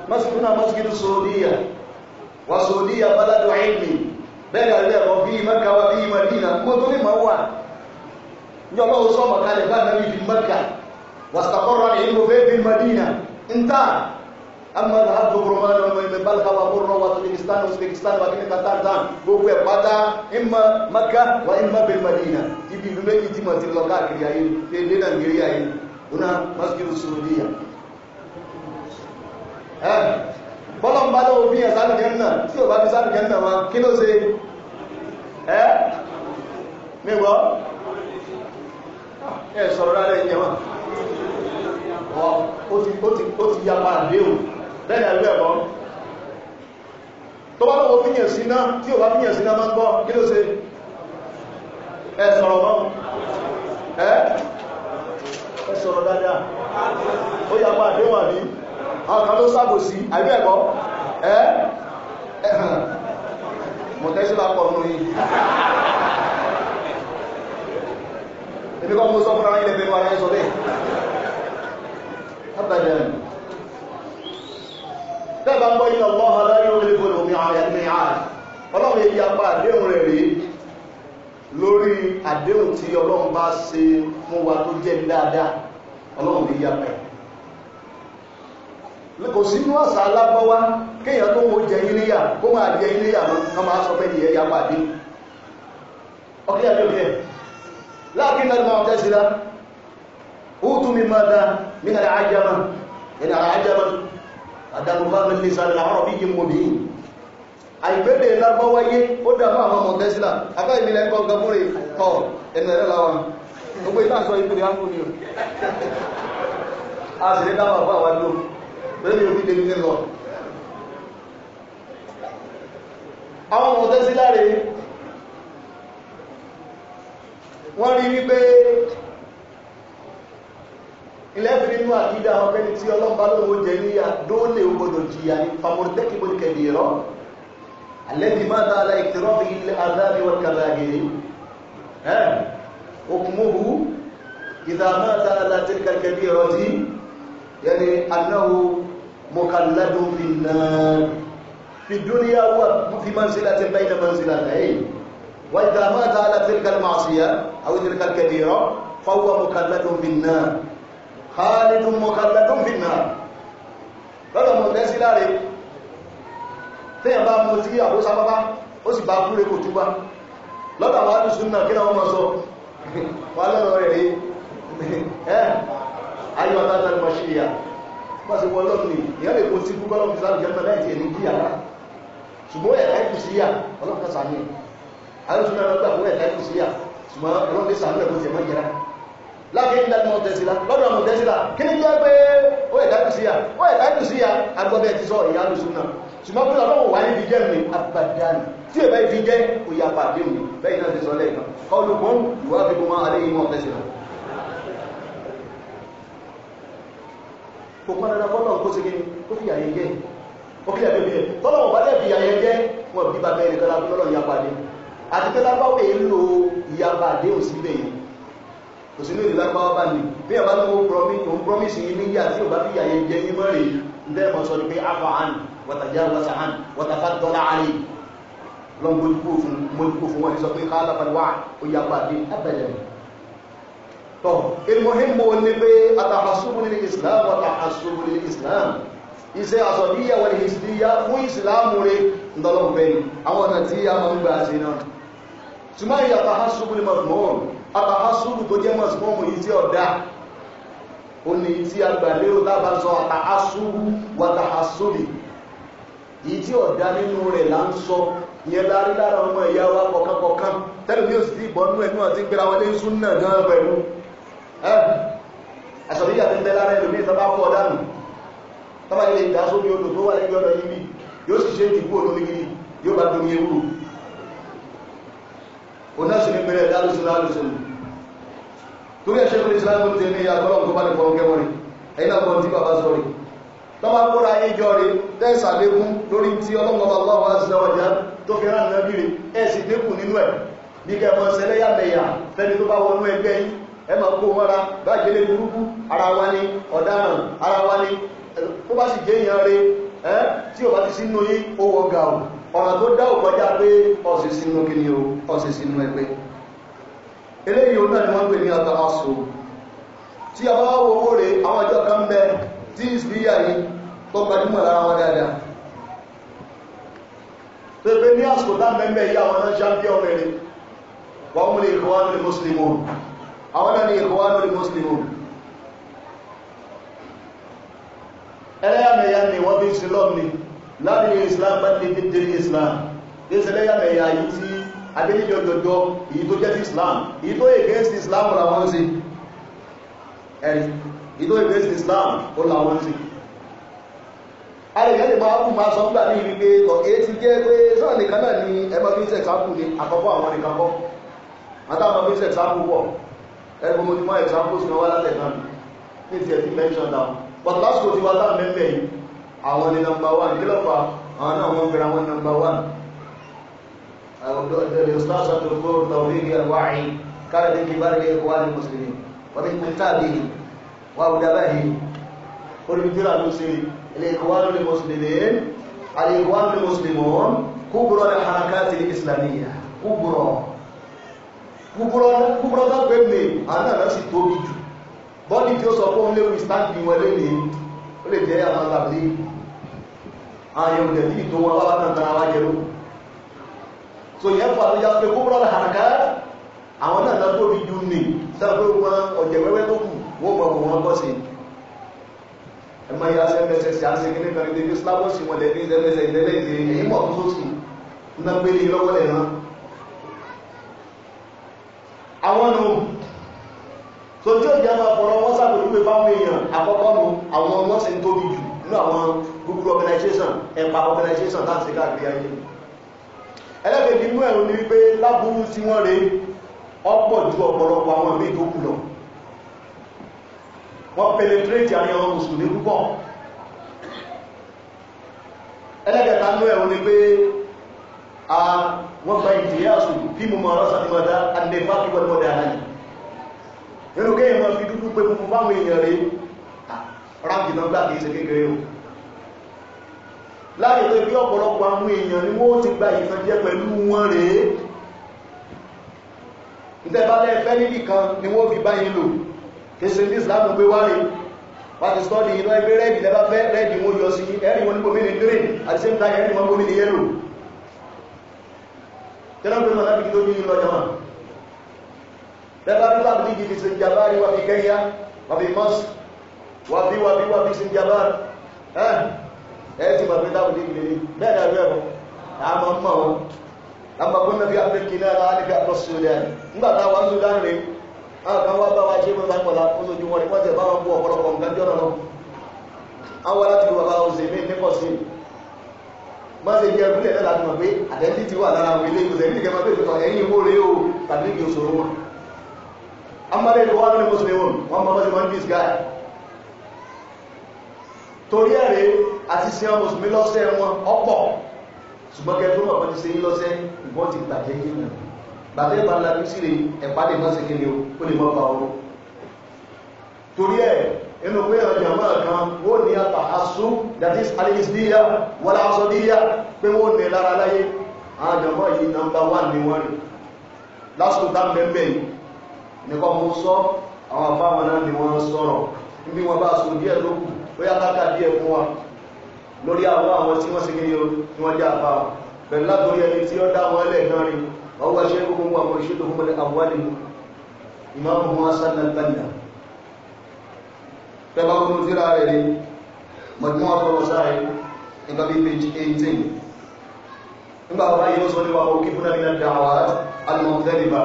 mọ́síkúnà mọ́síkúnà sòdíyà wà sòdíyà baladu ilmi bẹ́ẹ̀ àrí ẹ̀rọ bí i mẹ́ka wà bí i Madina kó tó ní ma wà ama lahadu romano balikawa murno wa tajikistan uzbekistan wa kini qatar dan gbogbo ẹ̀ pátá ima maka wa ima bẹ madina ibi ìlú méjì tí mo ti lọ káàkiri ayé dédé nàìjíríà yìí ona masjidu saudiya ẹ bọ́lọ̀ ń bá lọ́wọ́ bí ẹ̀ sáré gẹ́nà tí ò bá fi sáré gẹ́nà wa kí ló ṣe ẹ́ nígbọ́ ẹ̀ ti yapa àdéhùn fíyàn síná tí ò bá fíyàn síná máa ń gbọ́ kí ló ṣe ẹ sọ̀rọ̀ mọ́ ẹ sọ̀rọ̀ dáadáa ó yà pa àdéhùn àbí àwọn kan ló ṣàbòsí àbí ẹ̀kọ́ ẹ mọ̀tẹ́sílá pọ̀ nù yìí ebi kọ́ mú sọ fúnra ilẹ̀ pẹ̀lú ara ẹ̀ sọ bẹ́ẹ̀ bẹ́ẹ̀ bá gbọ́ iná lọ́wọ́ aláyọ̀ lè gbọ́dọ̀ omi àwọn ẹ̀mí ààrẹ ọlọ́run èyí apá àdéhùn rẹ̀ rí lórí àdéhùn tí ọlọ́run bá ṣe fún wa tó jẹ́ dáadáa ọlọ́run èyí apá ẹ̀ kò sí inú àṣà alábọ́wá kéèyàn tó ń wo jẹ iléyà kó máa jẹ iléyà lọ kó máa sọ pé ìyẹn yapa àdéhùn ọkẹ́ àdéhùn yẹn láàkí náà máa tẹ́síra ó tún mi máa da mí náà àjámà ẹ̀nà àdàlùfà mi lè sàrẹ̀ àwọn ọ̀bí yìí mú bí àìgbédè lágbọ́wọ́ yé ó dàbà àwọn ọmọ tẹ́sílà aká ìbílẹ̀ ẹgbọ́n gọmúrè tọ́ ẹ̀nà ẹ̀rẹ́ láwọn gbogbo ìta sọ ìpínlẹ̀ ángùn ni a sì lè dáwà ilẹ̀fin inú àkídà ọ̀kẹ́ni tí ọlọ́mbà lóhun jẹ níyà dóòlè ògbòdò jìyà ní famurtẹ́kìbò kẹbìrọ alẹ́bí máa ta ala ìtìrọ́fì ilẹ̀ azáàbí wọn kàrà gẹ̀rẹ́ okùnmóhu ìdá máa ta ala tẹ́kà kẹbìrọ tí yẹni anáhu mọ̀kànládùn fi náà fi dúníyà wà fi manzila tẹ́ bẹ́ẹ̀ manzila náà وإذا مات على تلك المعصية أو تلك الكبيرة فهو مكلف بالنار khalidun mukhalladun fi an-nar lọ́dọ̀ mọ̀ tẹ́sí láre tíyàn bá mú tí àbó sábábá ó sì bá kúrè kò túbá lọ́dọ̀ àwọn alùsùn náà kí náà wọ́n mọ̀ sọ wà lọ́rọ̀ rẹ̀ rí ẹ́ ayé wà tátà ní mọ̀ṣíríà bá sì wọ́n lọ́dún ní ìyá lè kó tí gbogbo ọlọ́run ti sáàrùn jẹ́mọ̀ láì tí ẹni bí yàrá ṣùgbọ́n ẹ̀ka ikú sí yà ọlọ́kọ̀ sàmì alùsùn náà lọ́gbà fún ẹ̀ka ikú sí yà ṣùgbọ́n ọlọ́run láàrin ìlànà mọ̀tẹ́sílá lọ́dọ̀ mọ̀tẹ́sílá kí ní jẹ́ pé ó ẹ̀dánù síyà ó ẹ̀dánù síyà agbọ́bẹ̀ ti sọ ìyánu súnà ṣùgbọ́n pínlẹ̀ ọlọ́run wà ní ìfijẹ́ mi àbàdàní tí èbá ìfijẹ́ òyà pàdé mi bẹ́ẹ̀ náà ti sọ lẹ́ẹ̀kan ọlùgbọ́n ìwà fi gbọmọ alẹ́ yìí mọ̀tẹ́sílá kò pọ́n dandan fọ́lọ́ kó ṣe kíni kó fi àyè jẹ́ ó kí ẹ̀bẹ̀ bíẹ̀ tọ́lọ́ wọn bá dẹ̀ fi àyè jẹ́ wọn bí bàbá ẹnìkan yìí kò sí ní èdè lágbáwá bá ní bí ọba lọ́wọ́ òun promise yìí níyà tí ọba fi yàyẹ jẹ yín mọ́rẹ̀ yìí ń tẹ́ mọ́ sọ ní pé afa hàn wàtàjá wàtà hàn wàtàfà dọ́là àlè lọ́n mójúkó fún mójúkó fún wọn sọ pé ká lápàdé wà ó yà pa àbí abẹ́lẹ̀ tọ́ ìmọ̀hìnmọ̀ ní pé àtàhàsùbù Islam àtàhàsùbù Islam iṣẹ́ àsọ̀díyà wà ní fún Islam rẹ̀ ń tọ́lọ́ àtàhásùrù tó jẹ́ mọ̀sùmọ́mù yìí tí ọ̀dá ó ní tí agbàlérò lábá sọ àtàhásùrù wàtàhásùrì yìí tí ọ̀dá nínú rẹ̀ là ń sọ yẹn lárí lára ọmọ ìyá wa kọ̀kankọ̀kan tẹ́lẹ̀ mi ò sì bọ́nú ẹ̀nú àti gbéra wọlé ń sún náà gan pẹ̀lú àṣàbíyà tó ń bẹ lára ẹlòmí ìtàbá fọ́ ọ̀dánù tọ́bà ilẹ̀ ìdásórí odò tó wà lẹ́gbẹ̀ẹ́ yìí yóò sì ṣe ìdìbò olómi yóò bá domi ewúro oná sì ní pẹ̀lẹ́ lálùsùn lálùsùn torí ẹ̀ṣẹ́ fún islam ti ní agbọ́lọ́n tó bá ní fọ́nkẹ́ wọ́n rí ẹ̀yìn náà gbọ́n tí bàbá sọ rí tọ́wọ́ kóra yín jọ rí tẹ́sà lékún lórí tí ọlọ́mọba aláwọ̀ aṣíwájá tó fi rán nàbí rí ẹ̀ sì dínkù nínú ẹ̀ bí kẹmọ sẹlẹ́yàmẹ̀yà fẹ́ni tó bá wọnú ẹgbẹ́ yín ẹ máa kó mọ́ra bájẹ́lé burúkú ara wa ni ọ̀daràn ara wa ni tó bá sì jẹ́ èèyàn rí tí ò bá ọ̀nà tó dá òkọjá pé ọ̀sìn sínú kí ni o ọ̀sìn sínú ẹgbẹ́ eléyìí òun ni wọ́n pè ní ọ̀tà ọ̀sùn tí a bá wá wo owó rẹ̀ àwọn ọjọ́ kan bẹ tí ìsìlíyà yìí tó gbajúmọ̀ lára wọn dáadáa tó pé ní àsìkò tá mẹ́mẹ́ yìí àwọn náà champion mẹ́rin wọ́n mú ní ìkọwánú ní mùsùlùmù àwọn náà ní ìkọwánú ní mùsùlùmù ẹlẹ́yàmẹ̀yà ni wọ́n bí sílọ́ọ̀ ni láàrin islam bá lè dédéré islam ní ìṣẹ́lẹ́yàmẹ̀yà yìí tí adéníjẹ́ ọjọ́jọ́ èyí tó jẹ́ islam èyí tó against islam ó làwọn sí ẹ̀rí èyí tó against islam ó làwọn sí alẹ́gẹ́ lè máa kú máa sọ nígbà ní ìrí pé tọ̀ èyí ti jẹ́ pé sọ́ọ̀ nìkan náà ni ẹgbẹ́ fi ń sẹ̀sáàpù ní àkọ́kọ́ àwọn nìkan kọ́ àtàwọn fi ń sẹ̀sáàpù pọ̀ ẹgbẹ́ mo ti mọ́ examples kan wá látẹ̀ náà ní ti ẹ̀ ti mention down but last go ti wá down mẹ́mẹ́ yìí àwọn ni nọmba wán kí lọ́fà àwọn náà wọ́n gbẹ̀rẹ̀ àwọn nọmba wán ìrìnsáṣà tó kó tàwírí alwáyí kára ní kíbára ní ẹkọ́ wáyé mùsùlùmí wàbí kúntà bí i wà wùdá báyìí olùbíjúra ló sí ilé ẹkọ́ wáyé ní mùsùlùmí alẹ́ ẹkọ́ wáyé ní mùsùlùmí wọn kúbùrọ̀ ní harakati islamiyya kúbùrọ̀ kúbùrọ̀ kúbùrọ̀ bá pẹ́ ó lè jẹ́ àwọn tàbí àwọn yẹ̀wò tẹ̀lé ìtò wọn wá náà tara wá yẹ̀rọ so yẹn fà ló yá pé kó bọ́lá àràká àwọn náà tàbí òbí ju nì sábẹ́ wọn ọ̀jẹ̀ wẹ́wẹ́ tó kù wọ́n mọ̀ wọn bọ́ sí ẹ máa tó tí ó jẹ́ máa fọ̀rọ̀ wọ́n sàpèjúwe fáwọn èèyàn àkọ́kọ́ nu àwọn wọ́n sì ń tóbi jù nínú àwọn Google organization ẹ̀pà organization láti ṣe káàkiri ayé ẹlẹ́gbẹ̀ẹ́ nínú ẹ̀rùn ni wípé láburú tí wọ́n rèé ọ̀pọ̀ ju ọ̀pọ̀lọpọ̀ àwọn ìlú tó kù lọ wọ́n penetrate àrin àwọn mùsùlùmí púpọ̀ ẹlẹ́gẹ̀ta ní ẹ̀rùn ni pé a wọ́n gba ìdíyàsù bí mo mọ̀ ọ̀rọ̀ sàtìmọ̀dá àdínlẹ̀ fákíwọ́dìmọ̀dá àlàyé nínú kéèyàn máa fi dúdú pé mo báwọn èèyàn rèé ráàkì náà gbà kìí ṣe kékeré o láyé pé bí ọ̀pọ̀lọpọ̀ àwọn èèyàn ni wọ́n ti gba ìfẹ́jẹ́ pẹ̀lú wọn rèé ìtẹ́bálẹ̀ ẹ̀fẹ́ níbì kan ni wọ́n fi báyìí lò kèsè ní ìsìlámù pé wá rí pàtí stọ́dì iná ẹgbẹ́ rẹ́dì lẹ́bá fẹ́ rẹ́dì wọ́n yọ sí ẹ̀rì wọn níbo mínú green àti same time ẹ̀rì wọn gómìnà yellow Dalam tablighi di Sinjabari wa Kenya, wa bi Masr, wa bi wa bi wa bi Sinjabar. Eh? Eh ti kita bi tablighi lele. Bẹ́ẹ̀ da be o. Ta ma ma o. Amma kunna bi abdul kinana ali bi abdul Sudan. Ngba ta wa Sudan re. A kan wa ba wa je mo ba ko la ko so ju won ko se ba wa bu oporo ko ngan jona lo. Awala ti wa ba o se mi ni ko si. Má ṣe jẹ ìbúlẹ̀ náà láti mọ̀ pé àtẹ́lí ti amma dai lọ́wọ́ ní mùsùlùmí wọn bá mọ́sí mọ́ndís guy torí ẹ̀rẹ́ àti sí àwọn mùsùlùmí lọ́sẹ̀ wọn ọ̀pọ̀ ṣùgbọ́n kẹ tó mọ̀ ti ṣe yí lọ́sẹ̀ ìbọn ti bàjẹ́ yí nà bàjẹ́ bá la bí sílẹ̀ ẹ̀pàdé náà ṣe kéde ó lè mọ́ bá wọn torí ẹ̀ inú pé ọjà máa kan ó ní apá asú that is alihisdiya wọlá asọdíyà pé wọ́n ní lára láyé àwọn àjọ̀mọ́ yìí number one ni wọ́n rí lásìkò tá mẹ́mẹ́ yìí nìkan mo sọ àwọn àbáwọn náà ni wọ́n sọ̀rọ̀ níbi wọn bá sọ díẹ̀ lókù bóyá láka díẹ̀ fún wa lórí àwọn àwọn tí wọ́n segin yóò tí wọ́n jẹ́ àbá bẹ̀rẹ̀ látòrí ẹni tí ó dá wọn lẹ̀ náà rí wọ́n wá ṣe gbogbo àwọn ìṣètò fún mọ́lẹ̀ àwọn àlè ìmáàmù wọn sánà gbàndà pẹ̀lú àwọn olùdíra rẹ̀ ni mọ̀tún wọn fọwọ́ sáré nígbà bí page eighteen nígbà wọn báyìí ó sọ nípa òkè fúnra ní àdáwà alùmọ̀tẹ́lẹ̀bà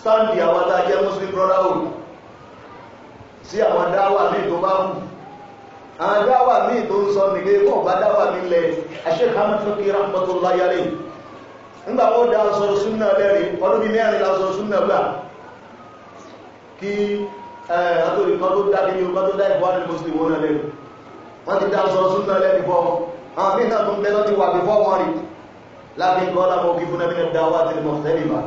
stáǹdì àwọn adájẹ́ muslim brotherhood sí àwọn dáwà míì tó bá wù àwọn dáwà míì tó ń sọ nìgbé kó ọ̀gbá dáwà nílẹ̀ àṣekámọ́ tó kí rámpọ́tò láyálẹ̀ nígbà ó dá aṣọ súnà lẹ́rìn ọdún bíi mẹ́rin la aṣọ súnà gbà kí àtòrí kan tó dá nínú kan tó dá ìbọn àti muslim wọn lẹ́rìn wọ́n ti dá aṣọ súnà lẹ́rìn bọ́ àwọn míì náà tó ń bẹ́ lọ́ wà bí fọ́ wọn rí láti ń lábọ́ kí fún ẹbí náà dáwà tẹlifọ̀ tẹ́lifà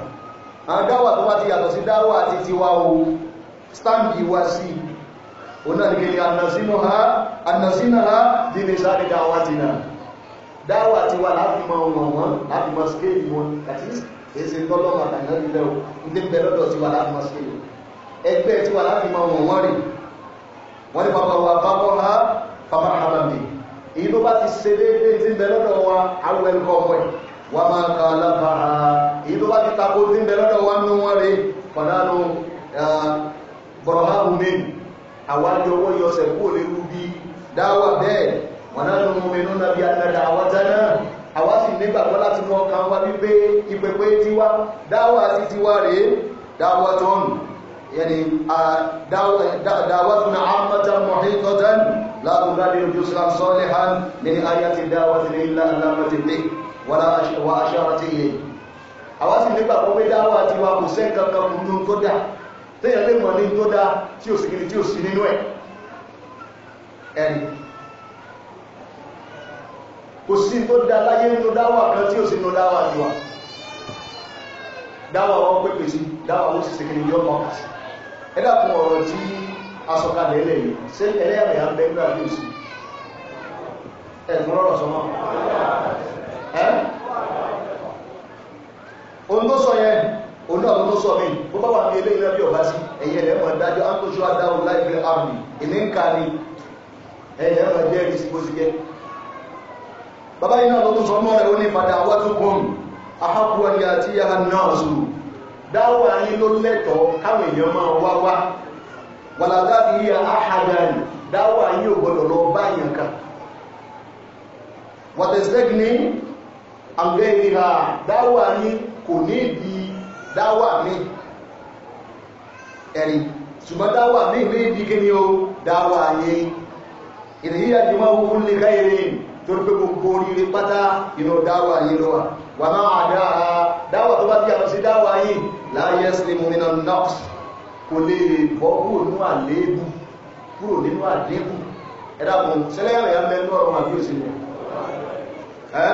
àwọn dáwà tó bá ti yàtọ̀ sí dáwà àti tiwa o stambi wa sí ọ̀nà ní kìí ànàsínà ha dí lè sáré dáwà ti náà dáwà ti wà láti mọ wọn wọn láti mọ skéèlì wọn àti èsì tọ́lọ́mà tàìlẹ́lẹ́ o ní bẹ̀rọ̀dọ̀ ti wà láti mọ skéèlì ẹgbẹ́ ti wà láti wà máa ka alábàá èyí tó bá ti tako tí ń bẹ lọ́dọ̀ wá nínú wọn rèé fọ̀dánù bọ̀rọ̀háhùn mi àwájú owó yọsẹ̀ kúrò lérú bí dáwà bẹ́ẹ̀ wọ́n náà nínú mẹ́nu náà bí alága àwájá náà àwá sì nígbàgbọ́ láti mọ́ ọkàn wá wípé ìpẹ̀pẹ́ tiwa dáwà sí tiwa rèé dáwà tọ́nù yẹni dáwà tún àmọ́ta mọ̀hìntọ́tán láàrùn wà aṣọ́ra tí ilé àwọn sì nígbà kan pé dáwà àti wa kò sẹ́ kankan kù nínú tó dà téèyàn lè mọ̀ ní tó dá tí ò sí kiri tí ò sí nínú ẹ̀ ẹ̀rì kò sí tó dá láyé nínú dáwà kan tí ò sí nínú dáwà àti wa dáwà wọn pépè sí dáwà ó sì sèkèrè yọ ọmọ kàsí ẹ̀dà fún ọ̀rọ̀ tí asọ̀kalẹ̀ ilẹ̀ yìí sí ẹlẹ́yàmẹ̀yà ń bẹ́ẹ̀ gbà bí ó sì ẹ̀gbọ́n ohun tó sọ yẹn òun náà tó sọ mí bó bá wà ní ilé ilé ọba sí ẹ̀yẹ rẹ̀ mọ̀ dájọ́ ankoṣọ́ adáwò láìpẹ́ àmì ìní ni ẹ̀yẹ rẹ̀ jẹ́ ẹ̀rí sí bó bàbá yìí náà ló sọ mọ́ rẹ̀ ó padà wá gbọ́n ahakuwa ni àti náà ayé ló káwọn èèyàn máa wá wá ayé àgbẹ̀ ìhà dáwà ní kò ní ìdí dáwà ní ẹ̀rì ṣùgbọ́n dáwà ní ìlú ìdí kí ni ó dáwà yé ìrìyà ni wọ́n wú ní káyẹrẹ torí pé gbogbo oríire pátá inú dáwà yé lọ́wà wà máa dáa dáwà tó bá bí àtọ́ sí dáwà yìí láyé slimu nínú nọ́ọ̀s kò lè bọ́ kúrò nínú àléébù kúrò nínú àdébù ẹ̀dàkùn sẹ́lẹ̀ yàrá mẹ́nu ọ̀rọ̀ àbí òsìlẹ̀ ẹ́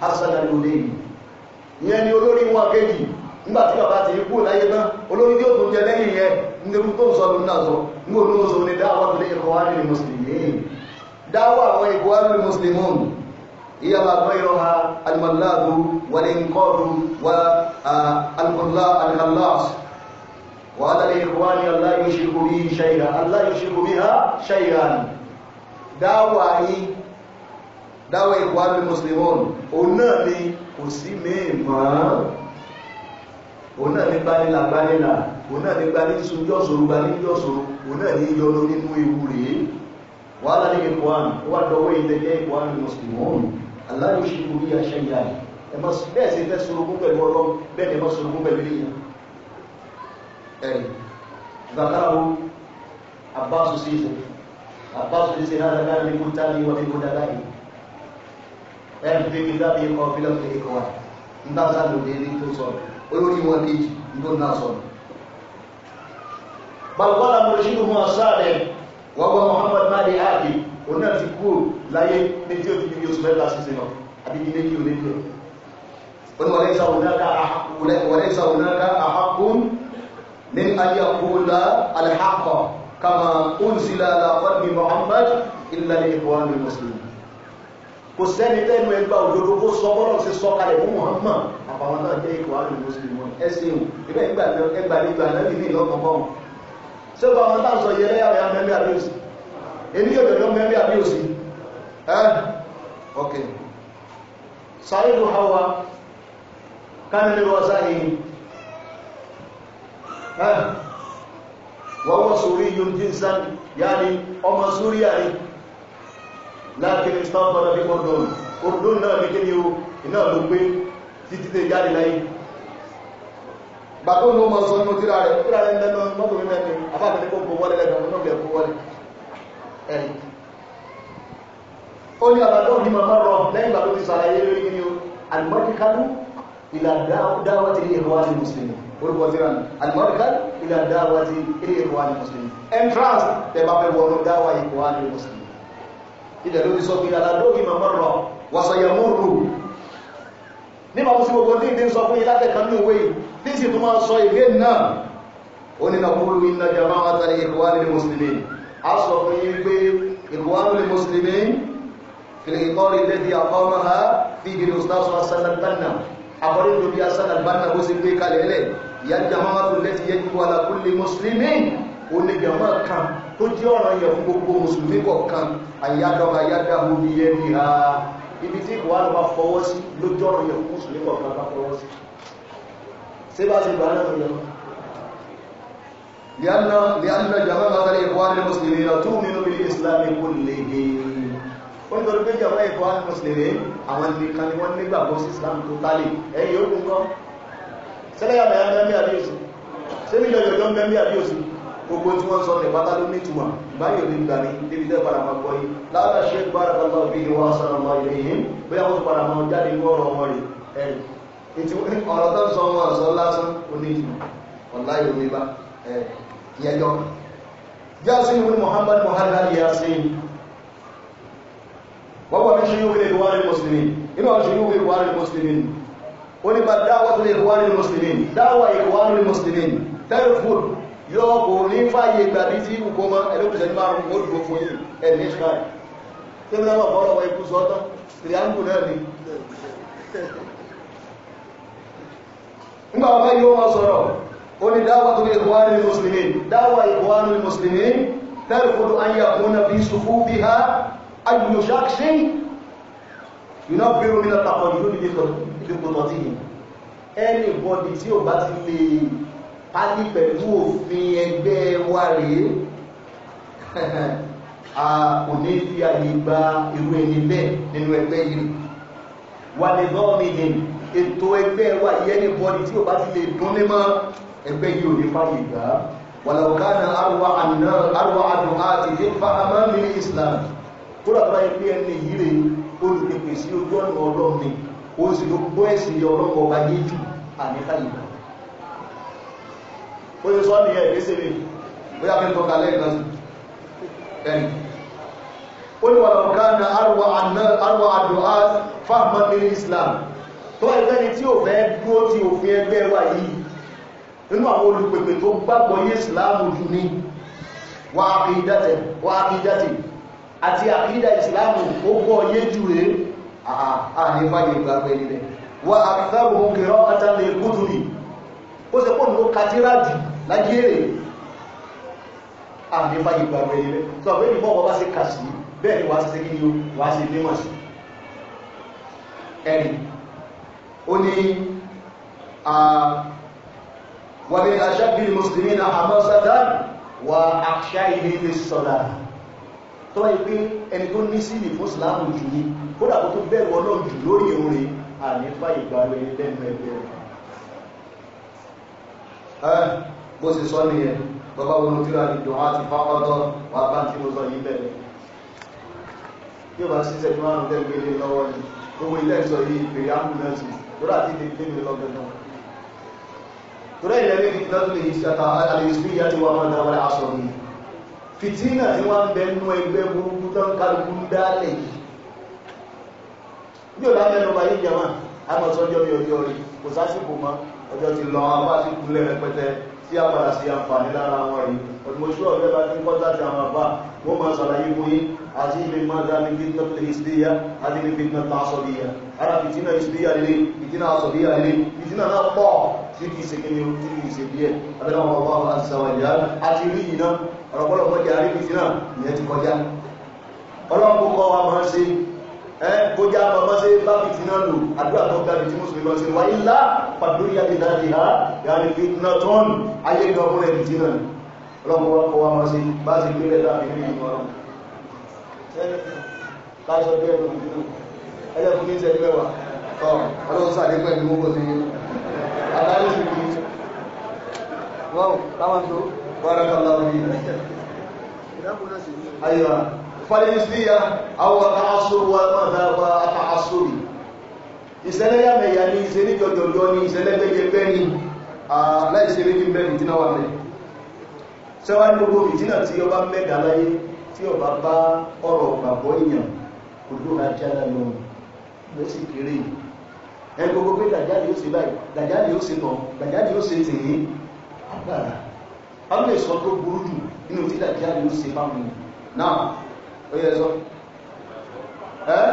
asana lórí ìyẹn ni olórí wọn kejì nígbà tí bàbá ti kú láyé tán olórí tí ó tún jẹ lẹ́yìn yẹn nígbà tó ń sọ lóun náà sọ nígbà olóhùn sọ ní dáwà tó lè kọ́ wá nínú mùsùlùmí dáwà àwọn ikọ̀ wá nínú mùsùlùmí dáwà yìí dáwọ́ ìwà ní mùsùlùmí òun náà ni kò sí míì mọ́ òun náà ní gbanilà gbanilà òun náà ní gbaníṣu jọ́sòrò gbaníjọ́sòrò òun náà ní yọlọ nínú ewu rèé wàhálà ní ìkọ́ àmì ó wà dọ́wọ́ ìdẹ́jẹ́ ìkọ́ àmì mùsùlùmí aláàrùn ṣe kò rí àṣẹ ìyá rẹ̀ ẹmọ bẹ́ẹ̀ sí fẹ́ sorogún pẹ̀lú ọlọ́run bẹ́ẹ̀ ni ẹmọ sorogún pẹ̀lú ilé yẹn ẹ̀rì bàbáwo abáṣu sí ìṣẹ́ abáṣu náà dáadáa ní kó tá ní wọ́n ní kó dáadáa yìí ẹ̀rùn ilá bí ikọ̀ fílọ́pù ikọ̀ wà nígbàtà lòdì ní tó sọ olórí wọn kejì tó náà sọ balbala mọ̀lẹ́ṣínú mọ́ sáàdẹ̀ wọ́gbọ́n Muhammad mahdi hadi òun náà ti kú láyé ní tí ó ti bí oṣù mẹ́ta sí sinọ àbí ní méjì òní díẹ̀ wọ́n wọ̀lẹ́sà ònáka àhàkùn ní ayàkùnlá alhàkọ̀ kama unzila ala qalbi Muhammad illa li ikhwanil muslimin kò sẹ́ni tẹ́nu ẹgbà òdodo kó sọ bọ́lọ̀ sí sọ kalẹ̀ fún Muhammad àpàwọn náà jẹ́ ikọ̀ àrùn mùsùlùmí wọn ẹsẹ̀ ìwò ibẹ̀ ìgbàlejò ànábì ní ìlọ́kàn bọ́ọ̀mù ṣé bá wọn táà sọ yẹlẹ́ àwọn mẹ́rin àbíòsì èmi yóò dọ̀dọ̀ mẹ́rin àbíòsì ẹ́ ok sàrídù hawa kánilé wọ́n sáyé wọ́wọ́ sórí yóò jínsán yáni ọmọ súríà ni láti ní stanford àti ọdún ọdún náà ní kí ni o iná ló gbé títí tẹ jáde láyé bàbá òun mọ sọ nínú tíra rẹ tíra rẹ ń lẹ́nu mọ́tò mi mẹ́rin afáàfẹ́ ní kò kó wọlé lẹ́nu náà lè kó wọlé ẹ̀yìn ó ní àbádọ́ ní màmá rọ lẹ́yìn bàbá entrance tẹ bá fẹ́ wọnú ilẹ̀ ló ti sọ pé aládóhì màmá rọ wàsàyàmúrù nípa mú sí gbogbo ní ìdí sọ fún ilátẹ̀kan ní òwe tí sì tó máa sọ ìgbé náà ó ní na kúrú iná jama àtàrí ìkọwàlì mùsùlùmí a sọ fún yí pé ìkọwàlì mùsùlùmí fìlìkọ́rì lẹ́dí àkọ́mọ́ha fi ìgbèrè òsìtásọ́ asálàtánà àkọ́rí tó bí asálàtánà ó sì gbé kalẹ̀ lẹ̀ ìyá jama tó jẹ́ ọ̀ràn yẹ̀ fún gbogbo mùsùlùmí kọ̀ọ̀kan àyádọ́gba yádáhù ní ẹni ha ibi tí ìwà àrùbá fọwọ́ sí ló jẹ́ ọ̀ràn yẹ̀ fún mùsùlùmí kọ̀ọ̀kan bá fọwọ́ sí ṣé bá ti gbà náà yẹn لأن لأن جماعة الإخوان المسلمين تؤمن بالإسلام كله wọ́n tọ́rọ pé jẹ́ ọ̀rẹ́ ìfọ́wà mùsùlùmí àwọn nìkan ni wọ́n nígbàgbọ́ sí Islam tó tálì ẹ̀yìn ogun kan sẹ́lẹ̀yà mẹ́rin mẹ́rin àbíyèsí sẹ́lẹ̀yà yọ̀yọ́ mẹ́rin àbíyèsí gbogbo tí wọ́n sọ ní pátá ló ní ìtumọ̀ báyìí ní ìgbà ní débi tẹ́ padà máa gbọ́ yìí lára ṣe gbára bàbá òbí ìwà sàrànmà ilé yìí bóyá wọ́n padà máa jáde ní ọ̀rọ̀ wọn rè ẹ̀rì ètò ọ̀rọ̀ tó ń sọ wọn sọ lásán oní ìtumọ̀ ọ̀la ìròmí bá yẹjọ́ jáàsí ìwé Muhammad Muhammad Yasin wọ́n wọ́n ṣe yóò wílé ìwárí mùsùlùmí inú ọ̀ṣẹ́ yóò wílé ìwárí mùsùlùmí ó ní bá dáwọ́ tó lè ìwárí mùsùlùmí dáwọ́ ìwárí mùsùlùmí tẹ́rù yóò kò ní fàyè gbàbí tí ìwùkọ́ mọ́ ẹlẹ́kùnṣẹ́ ní márùn-ún ó dùgbò fún yìí ẹ̀mí ṣáà tí ó náà bọ́ lọ́wọ́ ikú sọ́tọ́ triangle náà ni nígbà bàbá yóò wọ́n sọ̀rọ̀ ó ní dáwà tó ní ìwárí mùsùlùmí dáwà ìwárí mùsùlùmí tẹ́lifódó ayé àkúnnà bí sùfú bí ha agbìyànṣáṣí yóò náà bẹ̀rù nílẹ̀ tàkọ̀ yóò ní ká ní pẹ̀lú òfin ẹgbẹ́ wa rèé a kò ní fi àyè gba irú ẹni bẹ́ẹ̀ nínú ẹgbẹ́ yìí wà ní gọ́ọ̀mìnì ètò ẹgbẹ́ wa yẹ́ ní bọ́ọ̀dì tí ò bá ti lè dún ní mọ́ ẹgbẹ́ yìí ò ní fàyè gbà á ولو كان أروع أروع دعاته فأمام الإسلام kódà tó báyìí pé ẹni yìí rè olùpèpè sí ojú ọ̀nà ọlọ́run ni sì ló gbọ́ ẹ̀sìn ọlọ́run ọba yéjù àníkàyè náà ó ti sọ ní ẹ̀ ní sílé bóyá fi tọ́ka lẹ́gbẹ̀ẹ́ ẹni ó ní wàlọ̀ ká na arwa àdúrà fáàmà ní Islam tó ẹgbẹ́ ni tí ò fẹ́ dúró tí òfin ẹgbẹ́ wà yìí nínú àwọn olùpèpè tó gbàgbọ́ yé Islam jù ní wà àkídàtì àti àkídà Islam ó gbọ́ yé jù rẹ̀ ànífàyè gbàgbẹ́ ilẹ̀ wà àkídàbò kìrọ́ àtàlẹ̀ kútùrì ó sì pọ̀ nínú kàtírà jù láyé èrè àmì fàyè gbàgbé ilẹ̀ tó àbẹ́ ìfọ́ ọba bá ṣe kà sí bẹ́ẹ̀ ni wàá ṣe kí ni o wàá ṣe nímọ̀ sí ẹ̀rì ó ní wà ní aṣábí mùsùlùmí na àmọ́sádá wà àṣà ilé ilé sọ́lá tó wáyé pé ẹni tó ní sí ní mùsùlùmí jù ní kódà kó tó bẹ̀rù ọlọ́run jù lórí orin àmì fàyè gbàgbé ilẹ̀ lẹ́nu rẹ̀ bó ti sọ nìyẹn bàbá wọn tí ra ìdùn àti pápátọ́ wà bá tí mo sọ yìí bẹ̀rẹ̀ yóò bá ṣíṣẹ́ tí wọ́n tẹ́ gbélé lọ́wọ́ ni gbogbo ilé ẹ̀sọ́ yìí ìpèrè ambulance lórí àti ìdílé mi lọ́gbẹ̀dọ̀ torí ilẹ̀ lè ní ìdájọ́ lè ṣàtà àlèṣí ìyá tí wọ́n máa dáwọ́lẹ̀ aṣọ mi fìtínà tí wọ́n ń bẹ nú ẹgbẹ́ burúkú tán kálukú ń dálẹ̀ yìí yóò bá mẹ́nu bá jẹ́ wọn àmọ̀ sọ́jọ́ mi ọjọ́ rí kò sásìkò mọ́ ọjọ́ ti lọ apá sí kúlẹ̀ rẹpẹtẹ tí a padà sí àǹfààní lára wọn yìí ọdúnmọ̀ṣú ọ̀rẹ́ bá ti ń kọ́ta ti àwọn àbá wọ́n máa sàlàyé fún yín àti ilé máa dá ní fitna ìsìdíyà àti ní fitna tàṣọ̀díyà ara fìtínà ìsìdíyà lè fìtínà àṣọ̀díyà lè fìtínà náà pọ̀ tí kìí ṣe kí ni tí kìí ṣe díẹ̀ adéláwọ̀ ọba àti sàwàjá àti rí yìí náà ọ̀rọ̀pọ̀lọpọ̀ bójá bàbá sí bábì tí náà lò àdúrà tó gbàbì tí mùsùlùmí lọ sí wà ilá pàdúrí àdìdájì ha yàrin fi náà tọ́n ayé gbọ́mọ́ ẹ̀dì tí náà ọlọ́mọ wa kọ́ wa mọ́ sí bá sì gbé lẹ́dà fi rí ìwọ̀n ọ̀rọ̀ láìsọ bí ẹ̀rọ ìdúró ẹjẹ́ fún ní ìṣẹ́jú mẹ́wàá ọlọ́run sáà nípa ẹ̀mí mọ́kọ̀ sí adájọ́ sí kìí wọ́n láwọn tó bára kan láwọn yìí ayọ̀ فالنسبية أو العصر والمذهب التعصري ìṣẹ̀lẹ̀ yàmẹ̀yà ni ìṣẹ̀lẹ̀ jọjọjọ ni ìṣẹ̀lẹ̀ gbẹgbẹgbẹ́ ni aláìṣẹ́ méjì mẹ́rin tí náà wà mẹ́ ṣẹ́wà ní gbogbo ìdínà tí ó bá mẹ́dà láyé tí ó bá bá ọ̀rọ̀ gbàgbọ́ èèyàn kò ló ra jáda lọ ló sì kéré ẹ gbogbo pé dàjáde ó ṣe báyìí dàjáde ó ṣe nà dàjáde ó ṣe tèyí agbára a lè sọ tó burú jù nínú tí dàjáde ó ṣe bá náà ó yẹ sọ ẹ́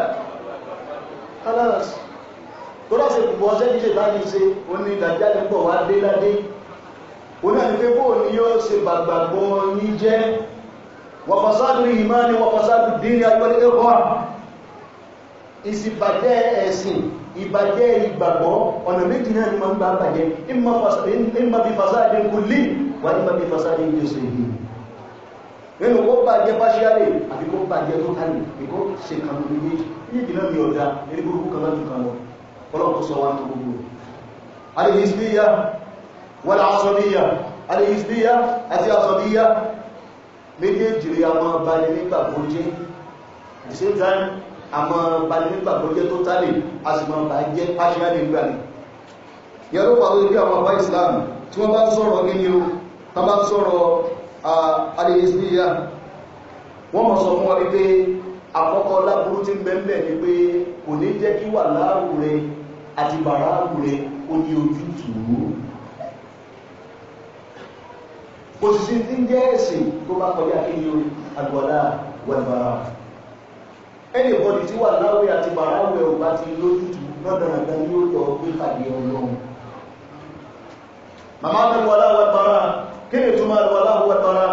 aláàsì tó láti ìpùpọ̀ ọjọ́ ìjẹ́ ìbáni ṣe ó ní ìdájáde pọ̀ wá dé ládé ó náà ní pé bóò ní yóò ṣe gbàgbàgbọ́ ní jẹ́ wàfàsádù ìmáni wàfàsádù dínì agbẹ́lẹ́ ẹ̀kọ́ ìsìbàjẹ́ ẹ̀sìn ìbàjẹ́ ìgbàgbọ́ ọ̀nà méjì náà ni ma ń gbà bàjẹ́ ìmọ̀ bí fasádì kùlí wà ní ma bí fasádì ìjọsìn yìí nínú kó bàjẹ́ pàṣíálì àti kó bàjẹ́ tó tàbí ìkó ṣe kan lórí ní ìdí náà ní ọ̀dá ní burúkú kan láti kan lọ ọlọ́pọ̀ sọ wá tó gbogbo alìhìsbíyà wọ́n asọ́bíyà alìhìsbíyà àti asọ́bíyà méjèèjì rí àwọn balẹ̀ nígbàgbó jẹ́ the same time àwọn balẹ̀ nígbàgbó jẹ́ tó tàbí a sì máa bàjẹ́ pàṣíálì nígbà ní yẹ́rọ pàtó ibi àwọn àbá ìsìlámù tí wọ́n bá ń sọ̀rọ̀ nínú tán bá ń sọ̀rọ̀ alìlẹ́sìlẹ́yà wọ́n mọ̀ sọ fún wa wípé àkọ́kọ́ láburú tí mẹ́mẹ́ ni pé kò ní jẹ́ kí wà láàrù rẹ àti bàráàrù rẹ ó ní ojútùú òṣìṣẹ́ tí ń jẹ́ ẹ̀sìn tó bá kọjá kí ni àgbọ̀lá wẹ̀bàrà ẹnìbọ̀dì tí wà láwẹ̀ àti bàráàrù rẹ ò bá ti lójútùú lọ́dọ̀rọ̀dá ni ó lọ gbé pàdé ọlọ́run màmá mẹ́wàá láwẹ̀ bàráà kí ni túnmọ̀ lọ aláwọ̀ ẹ̀tọ́ra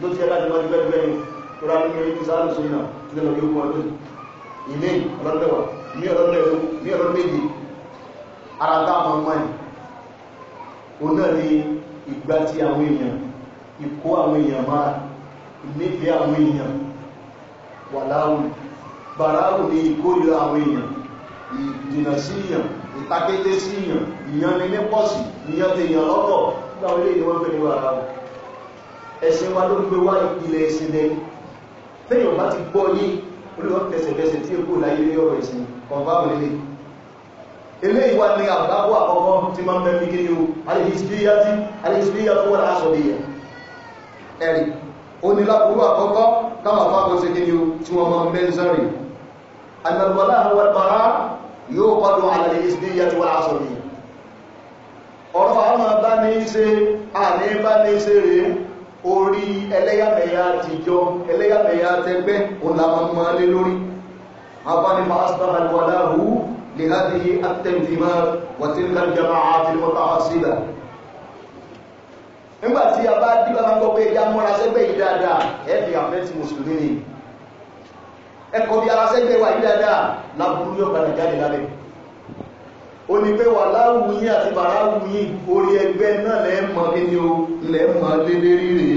tó ti ẹ̀dá jẹmọ́ jùlọ ìgbẹ́ni tó rá nínú ìlú sáàlù sí náà tí lẹ́nà yóò mọ́ ọdún ilé ọlọ́dẹ̀wà ní ọlọ́dẹ̀wà ní ọlọ́dẹ̀dì ara dáwọn ọmọ ẹ̀ o náà ni ìgbà tí àwọn èèyàn ìkó àwọn èèyàn máa nífẹ̀ẹ́ àwọn èèyàn wà láwùn bàráwùn ni ìkórìíra àwọn èèyàn ìdìnà sí èèyàn ìtakété sí ìyàn ìyàn ni ní pọ̀sì ìyàn ti yàn lọ́tọ̀ nígbà wọlé ni wọ́n fẹ́ ní wàrà wọn ẹ̀sìn wa ló gbé wá ìpìlẹ̀ ẹ̀sìn lẹ́yìn lẹ́yìn bá ti gbọ́ yí olùwọ́ tẹ̀sẹ̀tẹ̀sẹ̀ tí èkó láyé lé ọ̀rọ̀ ìsìn kọ̀ǹfàmù lélẹ̀ eléyìí wá ní àbábọ̀ àkọ́kọ́ tí máa ń bẹ́ fi kéde o alìsíbíyàtí alìsíbíyàtí wọ́n láṣọ lè yẹ ẹ̀rì oníláburú àkọ́kọ́ táwọn àfáàkọ́ sí kéde o tí wọ́n máa ń bẹ́ ń sọ́rì àlàlùwàlá àwọn ẹ̀bàrá yóò kọ́dùn àlàyé ìsìdíyà tó wà aṣọ ni ọ̀rọ̀ àwọn bá ní ṣe àní bá ní ṣe rèé orí ẹlẹ́yàmẹ̀yà àtijọ́ ẹlẹ́yàmẹ̀yà àtẹgbẹ́ òlàmọ́mọ́ lé lórí abánimọ̀ asibára wàláhù lè láti yí àtẹ̀mìtìmọ̀ wàtílkà jama'a máa gbọ́ pé ẹkọ̀ bí ara sẹ́gbẹ̀ wà dáadáa láburú yóò padà jáde lábẹ́ o ní pé wà láwùyí àti bàrá wùyí orí ẹgbẹ́ náà lẹ́ẹ̀mọ́ nínú lẹ́ẹ̀mọ́ lédè rírè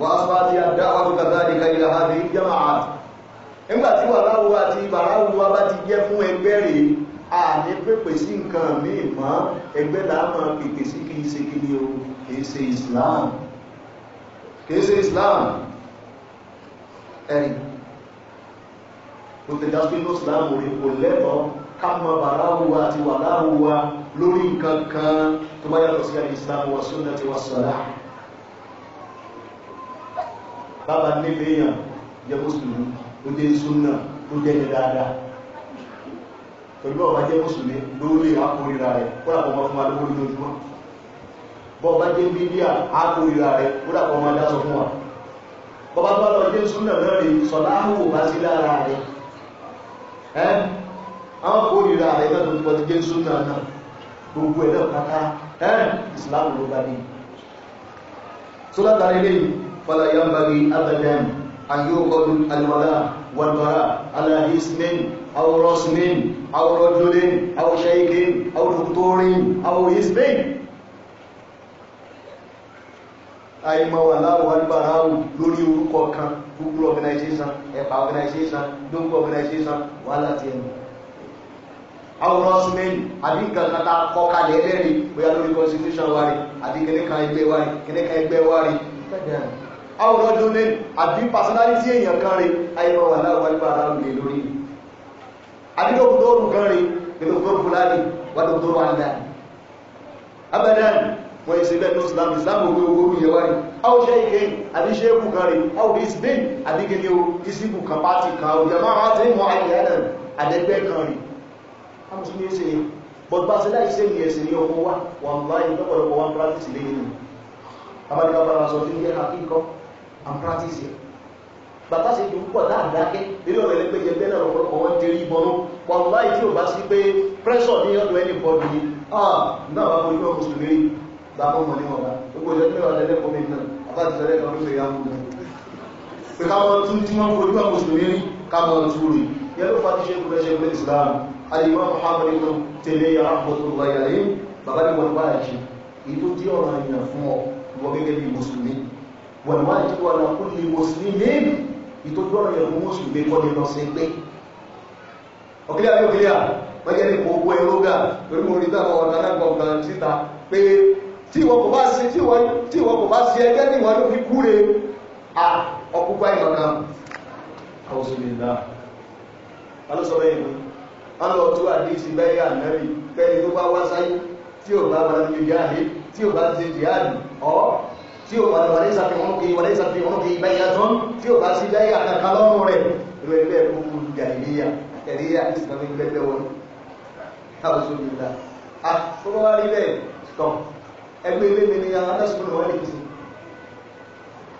wà á sọ́wọ́ àti àdáwà tó kàtà ní kàyílá àti nígbà tí wà láwù àti bàrá wùwá bá ti jẹ́ fún ẹgbẹ́ rè a ní pèpè sí nǹkan míì mọ́ ẹgbẹ́ láàmọ́ pèpè sí kìí ṣe kìí o ṣe Islam kìí ṣe Islam ẹ̀rìn ló ti dájú ní ìsìláàmù rí kò lẹ́tọ̀ọ́ ká mọ bàláwùwà àti wàláwùwà lórí nǹkan kan tó bá yàtọ̀ sí ìsìláàmù wa sunnati wa salah bàbá nílé èèyàn jẹ́ mùsùlùmí ó jẹ́ súnà ó jẹ́ ní dáadáa pẹ̀lú ọba jẹ́ mùsùlùmí lórí àkórira rẹ̀ kódà kọ́ máa fún wa lórí lójúmọ́ bọ́ọ̀bá jẹ́ bíbíà àkórira rẹ̀ kódà kọ́ máa dá sọ fún wa bọ́ọ̀bá bá lọ jẹ́ súnà náà rè sọ̀láhùn bá sí lára rẹ̀ ẹ́ àwọn kórìíra rẹ̀ náà lórí pọ̀tí jésù náà náà gbogbo ẹ̀ náà pátá ẹ́ ìsìláàmù ló bá ní tó látàrí lè fọ́lá yambari abadan ayókọlù alwala wàlbara alahismin awurosmin awurojulin awushaikin awurukutorin awurismin àìmọ̀wà láwọ̀ alìbàráwù lórí orúkọ kan Google organization ẹ̀pà organization lóńgbò organization wà láti ẹnu àwòrán ọsùnmẹ́yìn àbí nǹkan kan tá a kọ́ bóyá lórí constitution wa rí àbí kìnìkan ẹgbẹ́ wa rí kìnìkan ẹgbẹ́ wa rí àwòrán domain àbí personality èèyàn kan rí àìmọ̀wà láwọ̀ alìbàráwù lè lórí àbí dókòtò òrùn kan rí dókòtò fúlàní wà dókòtò wà ní wọ́n yìí ṣe bẹ́ẹ̀ ní islam islam ògbé ogógún yẹ wáyé áwọ́ ṣe ìkẹyìn àbí ṣe é bùkan rẹ̀ áwọ́ is bẹ́ẹ̀ àbí gẹ́gẹ́ o ìsìnkù kan pàtì kan òjò máa wá tí mọ́ àyè ẹ̀nà àdẹ́gbẹ́ kan rẹ̀ amùsùlùmí ṣe yẹ bọ̀dbá sí láì ṣe ìyẹn sí ní ọmọ wa wọn láì lọ́pọ̀lọpọ̀ wọn practice lé nínú abájọ́ bára sọ fún yẹ àkíkọ́ and gbàgbọ́ mọ̀ ní ọ̀la gbogbo ìjọ tí ọ̀la lẹ́lẹ́kọ̀ọ́ mi náà àbájọ lẹ́lẹ́kọ̀ọ́ ló fẹ́ yá mú un pé káwọn tún tí wọ́n fojú àwọn mùsùlùmí rí káwọn tún rí yẹn ló fàájú ṣe kúrẹ́ ṣe kúrẹ́ Islam alimọ́ Muhammad inú tẹ̀lé yàrá àbọ̀tò wáyà yìí bàbá ní wọn wáyà ṣe èyí tó jẹ́ ọ̀ràn èèyàn fún ọ wọ gẹ́gẹ́ bí mùsùlùmí wọn wáyà tó wà náà kú ní mùsùlùmí lẹ́nu ìtọ́jú ọ̀ràn èèyàn fún mùsùlùmí kọ́ ní lọ sí pé ọ̀kílẹ̀ àbí ọ̀kílẹ̀ wọ́n jẹ́ ní kò gbọ́ ẹrógà lórí mo rí bá ọ̀rọ̀ náà gbọ̀ngàn síta pé tí ìwọ kò bá ṣe tí ìwọ tí ìwọ kò bá ṣe ẹgbẹ́ ní ìwọ ló fi kú re à ọkùnkùn àìmọ̀ kan àwòsùnlélá alóṣọ bẹ́ẹ̀ mú wọn lọ tó àdéhìsí bẹ́ẹ̀ yà nẹ́rì bẹ́ẹ̀ tó bá wá sáyé tí ò bá wà ní ìyá tí ò bá ṣe jihad ọ̀ tí ò bá lọ wàlé ìsàfihàn kì í wàlé ìsàfihàn kì í ẹgbẹ́ ilé mi ni adásùnmọ́ ìwọ́n lè kìí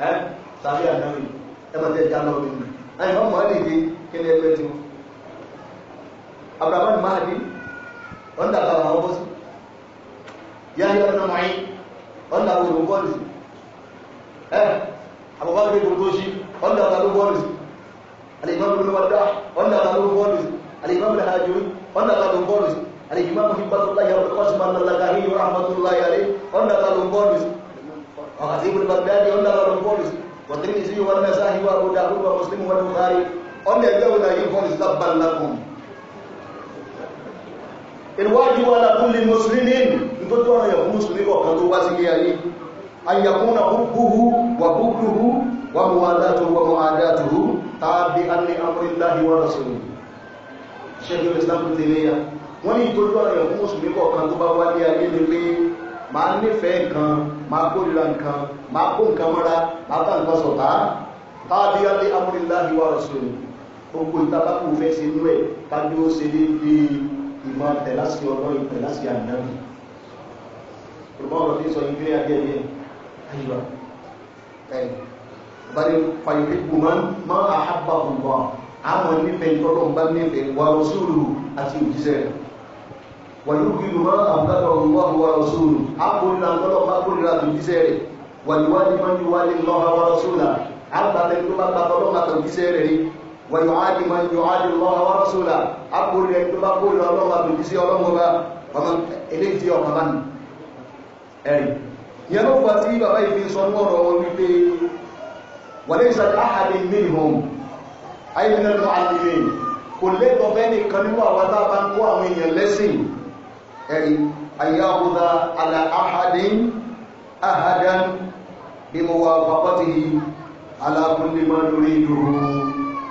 ẹ́ tàbí àdáwì ẹgbẹ́ ẹja náà mi nù ẹ̀yìn ọmọ ẹ̀ lè kí ni ẹgbẹ́ tiwọn abrahamu mahadi wọ́n dàgbà àwọn bọ́sù yáyá ọ̀nà mọ̀ọ́yì wọ́n dàgbà òun bọ́ọ̀lù sí ẹ́ àbúkọ́ gbé gbogbo sí wọ́n dàgbà ló bọ́ọ̀lù sí alìmọ́ gbogbo wọn dá wọ́n dàgbà ló bọ́ọ̀lù sí alìmọ́ gbogbo Al-Imam Hibbatullah yang berkos rahmatullah ya alaih Onda kalung polis, Makasih Ibn Baghdadi onda kalung polis, Wa Tirmidzi wa Nasa'i wa Abu Dawud wa Muslim wa Bukhari Onda jauh polis polis Tabban lakum In wajib ala kulli muslimin Ntutu wana ya muslimi kok kalau wasi yali ini. yakuna hubbuhu wa bukruhu wa muwadatuhu wa muadatuhu Tabi'an li amrillahi wa rasulih Syekhul Islam Kutimiyah wọ́n ní ìtọ́jú ọ̀rọ̀ ẹ̀kú mùsùlùmí kọ̀ọ̀kan tó bá wálé ayé ni pé máa nífẹ̀ẹ́ nǹkan máa kórìíra nǹkan máa kó nǹkan mọ́ra máa bá nǹkan sọ̀tá tábí alẹ́ amúniláhi wà rọ̀sùn gbogbo ìtàbákù fẹ́ ṣe inú ẹ̀ kájú ó ṣe déédéé ìmọ̀ tẹ̀láṣì ọ̀rọ̀ ìtẹ̀láṣì ànábì ìmọ̀ràn tí sọ ìgbé ayé ẹ̀ ayíwa ẹ̀ bari fàyè gbùmọ̀ mọ́ àhábà gbùmọ̀ àwọn wàyúkìlù máa àbúkátà ọ̀gbọ́n wa rọ̀súlù àpòrìlà ọlọ́pàá àpòrìlà tòjíṣẹ́ rẹ̀ wàyíwájú máa ń yí wálé lọ́wọ́ wa rọ̀súlà àgbàtà tó bá gbàtà ọlọ́pàá tòjíṣẹ́ rẹ̀ ni wàyíwájú máa ń yọ wálé lọ́wọ́ wa rọ̀súlà àpòrìlà tó bá pòrìlà ọlọ́pàá tòjíṣẹ́ ọlọ́mọba ọmọ eléyìí ti ọmọ ẹ̀rì ẹ̀rí ayáwúdá ala ahadin ahadan bí mo wà fàkọ́tì alábúlé mọ́ lórí ìlú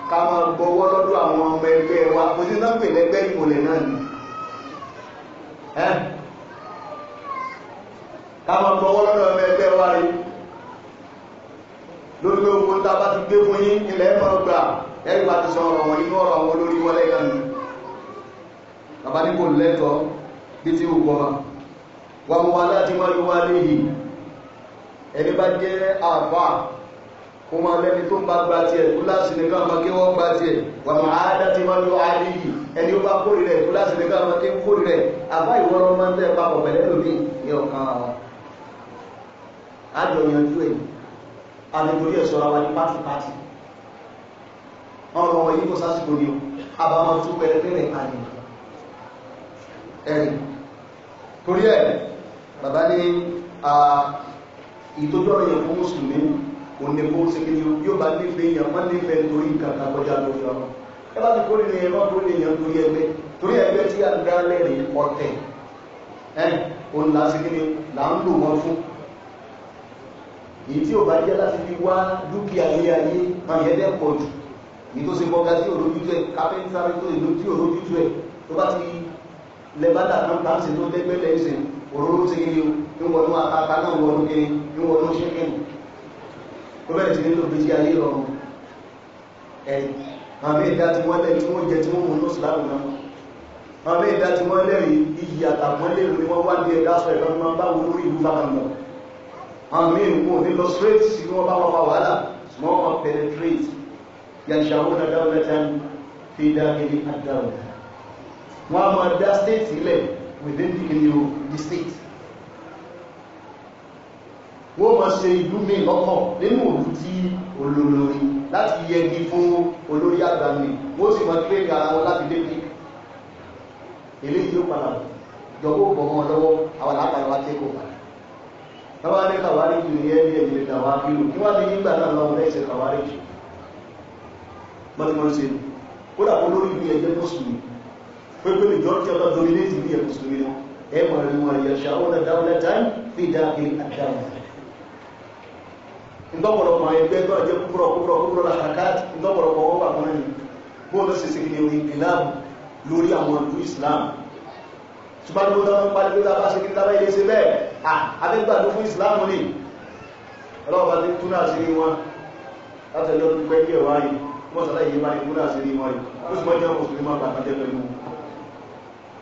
ká mọ́ gbọ́wọ́ lọ́dọ̀ àwọn ọmọ ẹgbẹ́ wa kò sí náà pèlẹ́ ẹgbẹ́ ìmọ̀lẹ̀ náà ni ká mọ́ gbọ́wọ́ lọ́dọ̀ ọmọ ẹgbẹ́ wa rí lórí ogun tá bá ti gbé fún yín ilẹ̀ ẹ̀mọ́ gbà ẹ̀rí bá ti sọ ọ̀rọ̀ wọn inú ọ̀rọ̀ wọn lórí wọlé kan bàbá ní kò lẹ́tọ̀ọ́ bí tí ó kọmà wà mú wà láti máa yíwá léyìí ẹni bá jẹ́ àfà kó máa lẹ́ni tó bá gba tiẹ̀ kúláàsì nìkan máa kí wọ́n gba tiẹ̀ wà máa ádá ti máa yíwá léyìí ẹni ó bá kórì rẹ̀ kúláàsì nìkan máa kí kórì rẹ̀ àbá ìwọ́n lọ máa ń tẹ́ papọ̀ pẹ̀lẹ́ lómi ní ọ̀kan àwọn àjọ yanjú ẹ̀ àdìgbòrí ẹ̀ṣọ́ ra wa ní pátipáti ọ̀rọ̀ yìí kò sásìkò ní àbámọ́ tún pẹ̀lẹ́ pẹ̀lẹ́ àdìgbò ẹ̀rìn torí ẹ̀ bàbá ní ìtọ́jú ọ̀rọ̀ yẹn fún mùsùlùmí kò ní kó ṣe kí yóò bá nífẹ̀ẹ́ yẹn wọ́n nífẹ̀ẹ́ torí nǹkan kan kọjá lórí ọ̀rọ̀ ẹ bá ti kó nínú yẹn wọ́n kó nínú yẹn torí ẹgbẹ́ torí ẹgbẹ́ tí a ń dá lẹ́rìn ọ̀tẹ̀ ẹ̀ òun là ń ṣe kí ni là ń lò wọ́n fún èyí tí ò bá jẹ́ láti fi wá dúkìá ilé ayé kan yẹn dẹ́ lẹ́bàtà kan kan sí tó tẹ́gbẹ́lẹ̀ ìsìn òróró sí kiri níwọ̀nú àkàkà náà wọnú kiri níwọ̀nú ṣẹ́kìn ó bẹ̀rẹ̀ sí ní lò bíjí ayé rọrùn ẹ̀yìn àwọn ìdá tí wọ́n lẹ̀ tí wọ́n jẹ tí wọ́n mú lọ́sùláàmù náà àwọn ìdá tí wọ́n lẹ̀ iyì àtàkùn lè ní wọ́n wá ní ẹ̀dá sọ ẹ̀rọ máa bá wọn lórí ìlú fáwọn àwọn míì kò ní lọ wọ́n a máa dá state ilẹ̀ within the kìnìún the state wọ́n máa ṣe ìlú mi lọ́kàn nínú òlú tí olórí láti yẹgi fún olórí àgbà mi wọ́n sì máa gbé ara wọn láti débi eléyìí ó padà jọ̀wọ́ bọ̀ wọn lọ́wọ́ àwọn àpàdé wa tẹ́kọ̀ọ́ padà tọ́wọ́ ní kàwárí jù ní ẹbí ẹ̀yẹ ìdàwà bírù kí wọ́n ní nígbà náà lọ́wọ́ lẹ́sẹ̀ kàwárí jù mọ́tímọ́sí kódà olórí bí ẹjẹ́ mọ́sùlùmí pépé majority of the dominate ìlú ẹ̀ mùsùlùmí náà ẹ mọ̀ rí wọn yẹ̀ṣà ó na dáwọlẹ̀ tán fi dáàbí àdáwọ̀ ńlọ́pọ̀lọpọ̀ àwọn ẹgbẹ́ tó àjẹ́ kúkúrọ̀ kúkúrọ̀ kúkúrọ̀ làkàkàt ńlọ́pọ̀lọpọ̀ ọwọ́ àwọn ẹni bóun ló sì sí kìíní orí ìpìláàmù lórí àwọn ìlú Islam ṣùgbọ́n ló dáwọn pàdé lórí abáṣe kí lábá ilé ṣe bẹ́ẹ̀ àbẹ́gbàdó fún Islam ní ọlọ́ọ̀bá ti túnà sí wọn látẹ̀lọ́dún pẹ́ díẹ̀ wáyé wọ́n sàlàyé máa ìkúnà sí wọn yìí ó sì mọ́ jẹ́ mùsùlùmí máa bàbá jẹ́ pẹ̀lú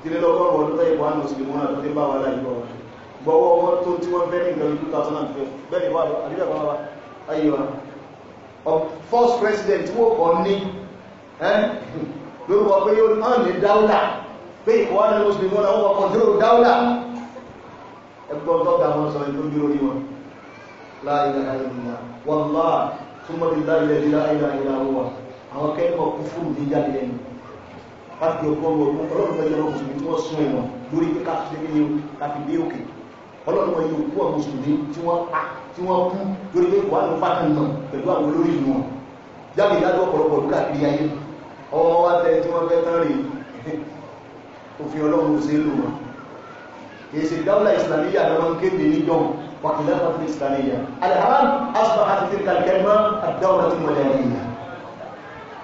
ìdílélọ́gọ́rùn ọdún tẹ́yẹ̀ bọ́ àmì òsìlè múnà tó dé bá wà láì bọ́ bọ́wọ́ wọn tó tí wọ́n bẹ́ẹ̀ ní ìgbẹ̀rún 2005 bẹ́ẹ̀ ni wà àdíbẹ̀ kan wà ayé wa first president wó kọ́ ní lórúkọ pé yóò hàn ní dáúlà pé ìkọ̀wá ní òsìlè múnà wọ́n kọ́ dúró dáúlà ẹgbọ́n tó ga wọn sọ ìlú bí orí wọn láìlà àìlà wọ́n láà túnmọ̀ láti ọgbọ́n ọgbọ́n ọlọ́run fẹ́ yọrọ mùsùlùmí tí wọ́n sún ẹ̀wọ̀n lórí pé ká fi léyìn láti dé òkè ọlọ́run wọn yóò kú àwọn mùsùlùmí tí wọ́n pa tí wọ́n kú lórí pé wà ló fàtà nà pẹ̀lú àwọn olórí ìlú wọn jáde ìdájọ́ ọ̀pọ̀lọpọ̀ ló káàkiri ayé ọwọ́ wa tẹ tí wọ́n fẹ́ tán rè òfin ọlọ́run ṣe lò wọn èsì dáwọ́lá ìsìlámíyà lọ́wọ́ ń kéde níjọ́ wàkìlá fún ìsìlámíyà alhamdulilayi asbahat tilka al-kalima ad-dawla al-madaniyya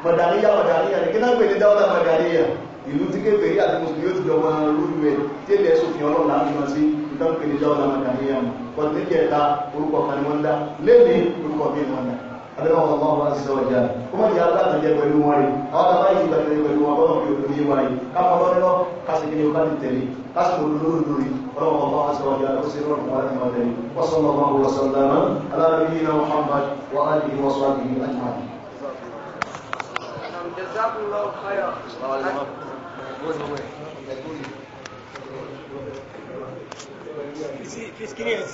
mọ̀dàníyà mọ̀dàníyà ní kínáà pèlè dáwọ́dà mọ̀dàníyà ìlú tí kéferí àti mùsùlùmí ó ti lọ́wọ́ lórí rẹ̀ tí èlé ẹ̀sùn ọlọ́run láti lọ sí ìtàn pèlè dáwọ́dà mọ̀dàníyà mọ̀ pọ̀tù ní kẹta orúkọ kan ni wọ́n dá lẹ́ni orúkọ bí wọ́n dá adébọ̀ ọmọ wa sí ọjà ó má jẹ́ alátàjẹ pẹ̀lú wọn rí àwọn tàbá yìí gbà tẹ̀lé pẹ̀lú wọn bọ́ọ̀ fi òdòdó yé wa rí káfọ́ kásìkè ní ọkà ti tẹ̀lé kásìkè olólórí lórí ọlọ́wọ́ ọmọ wa sí ọjà ó sì rọrùn wà lẹ́nu ọ̀tẹ̀lé wọ́n sọ ọmọ wa sọ̀rọ̀ dáná alábìyí náà muhammad wa alihi wa sọ́àbìyí ajma'in جزاكم الله خيرا في سكريات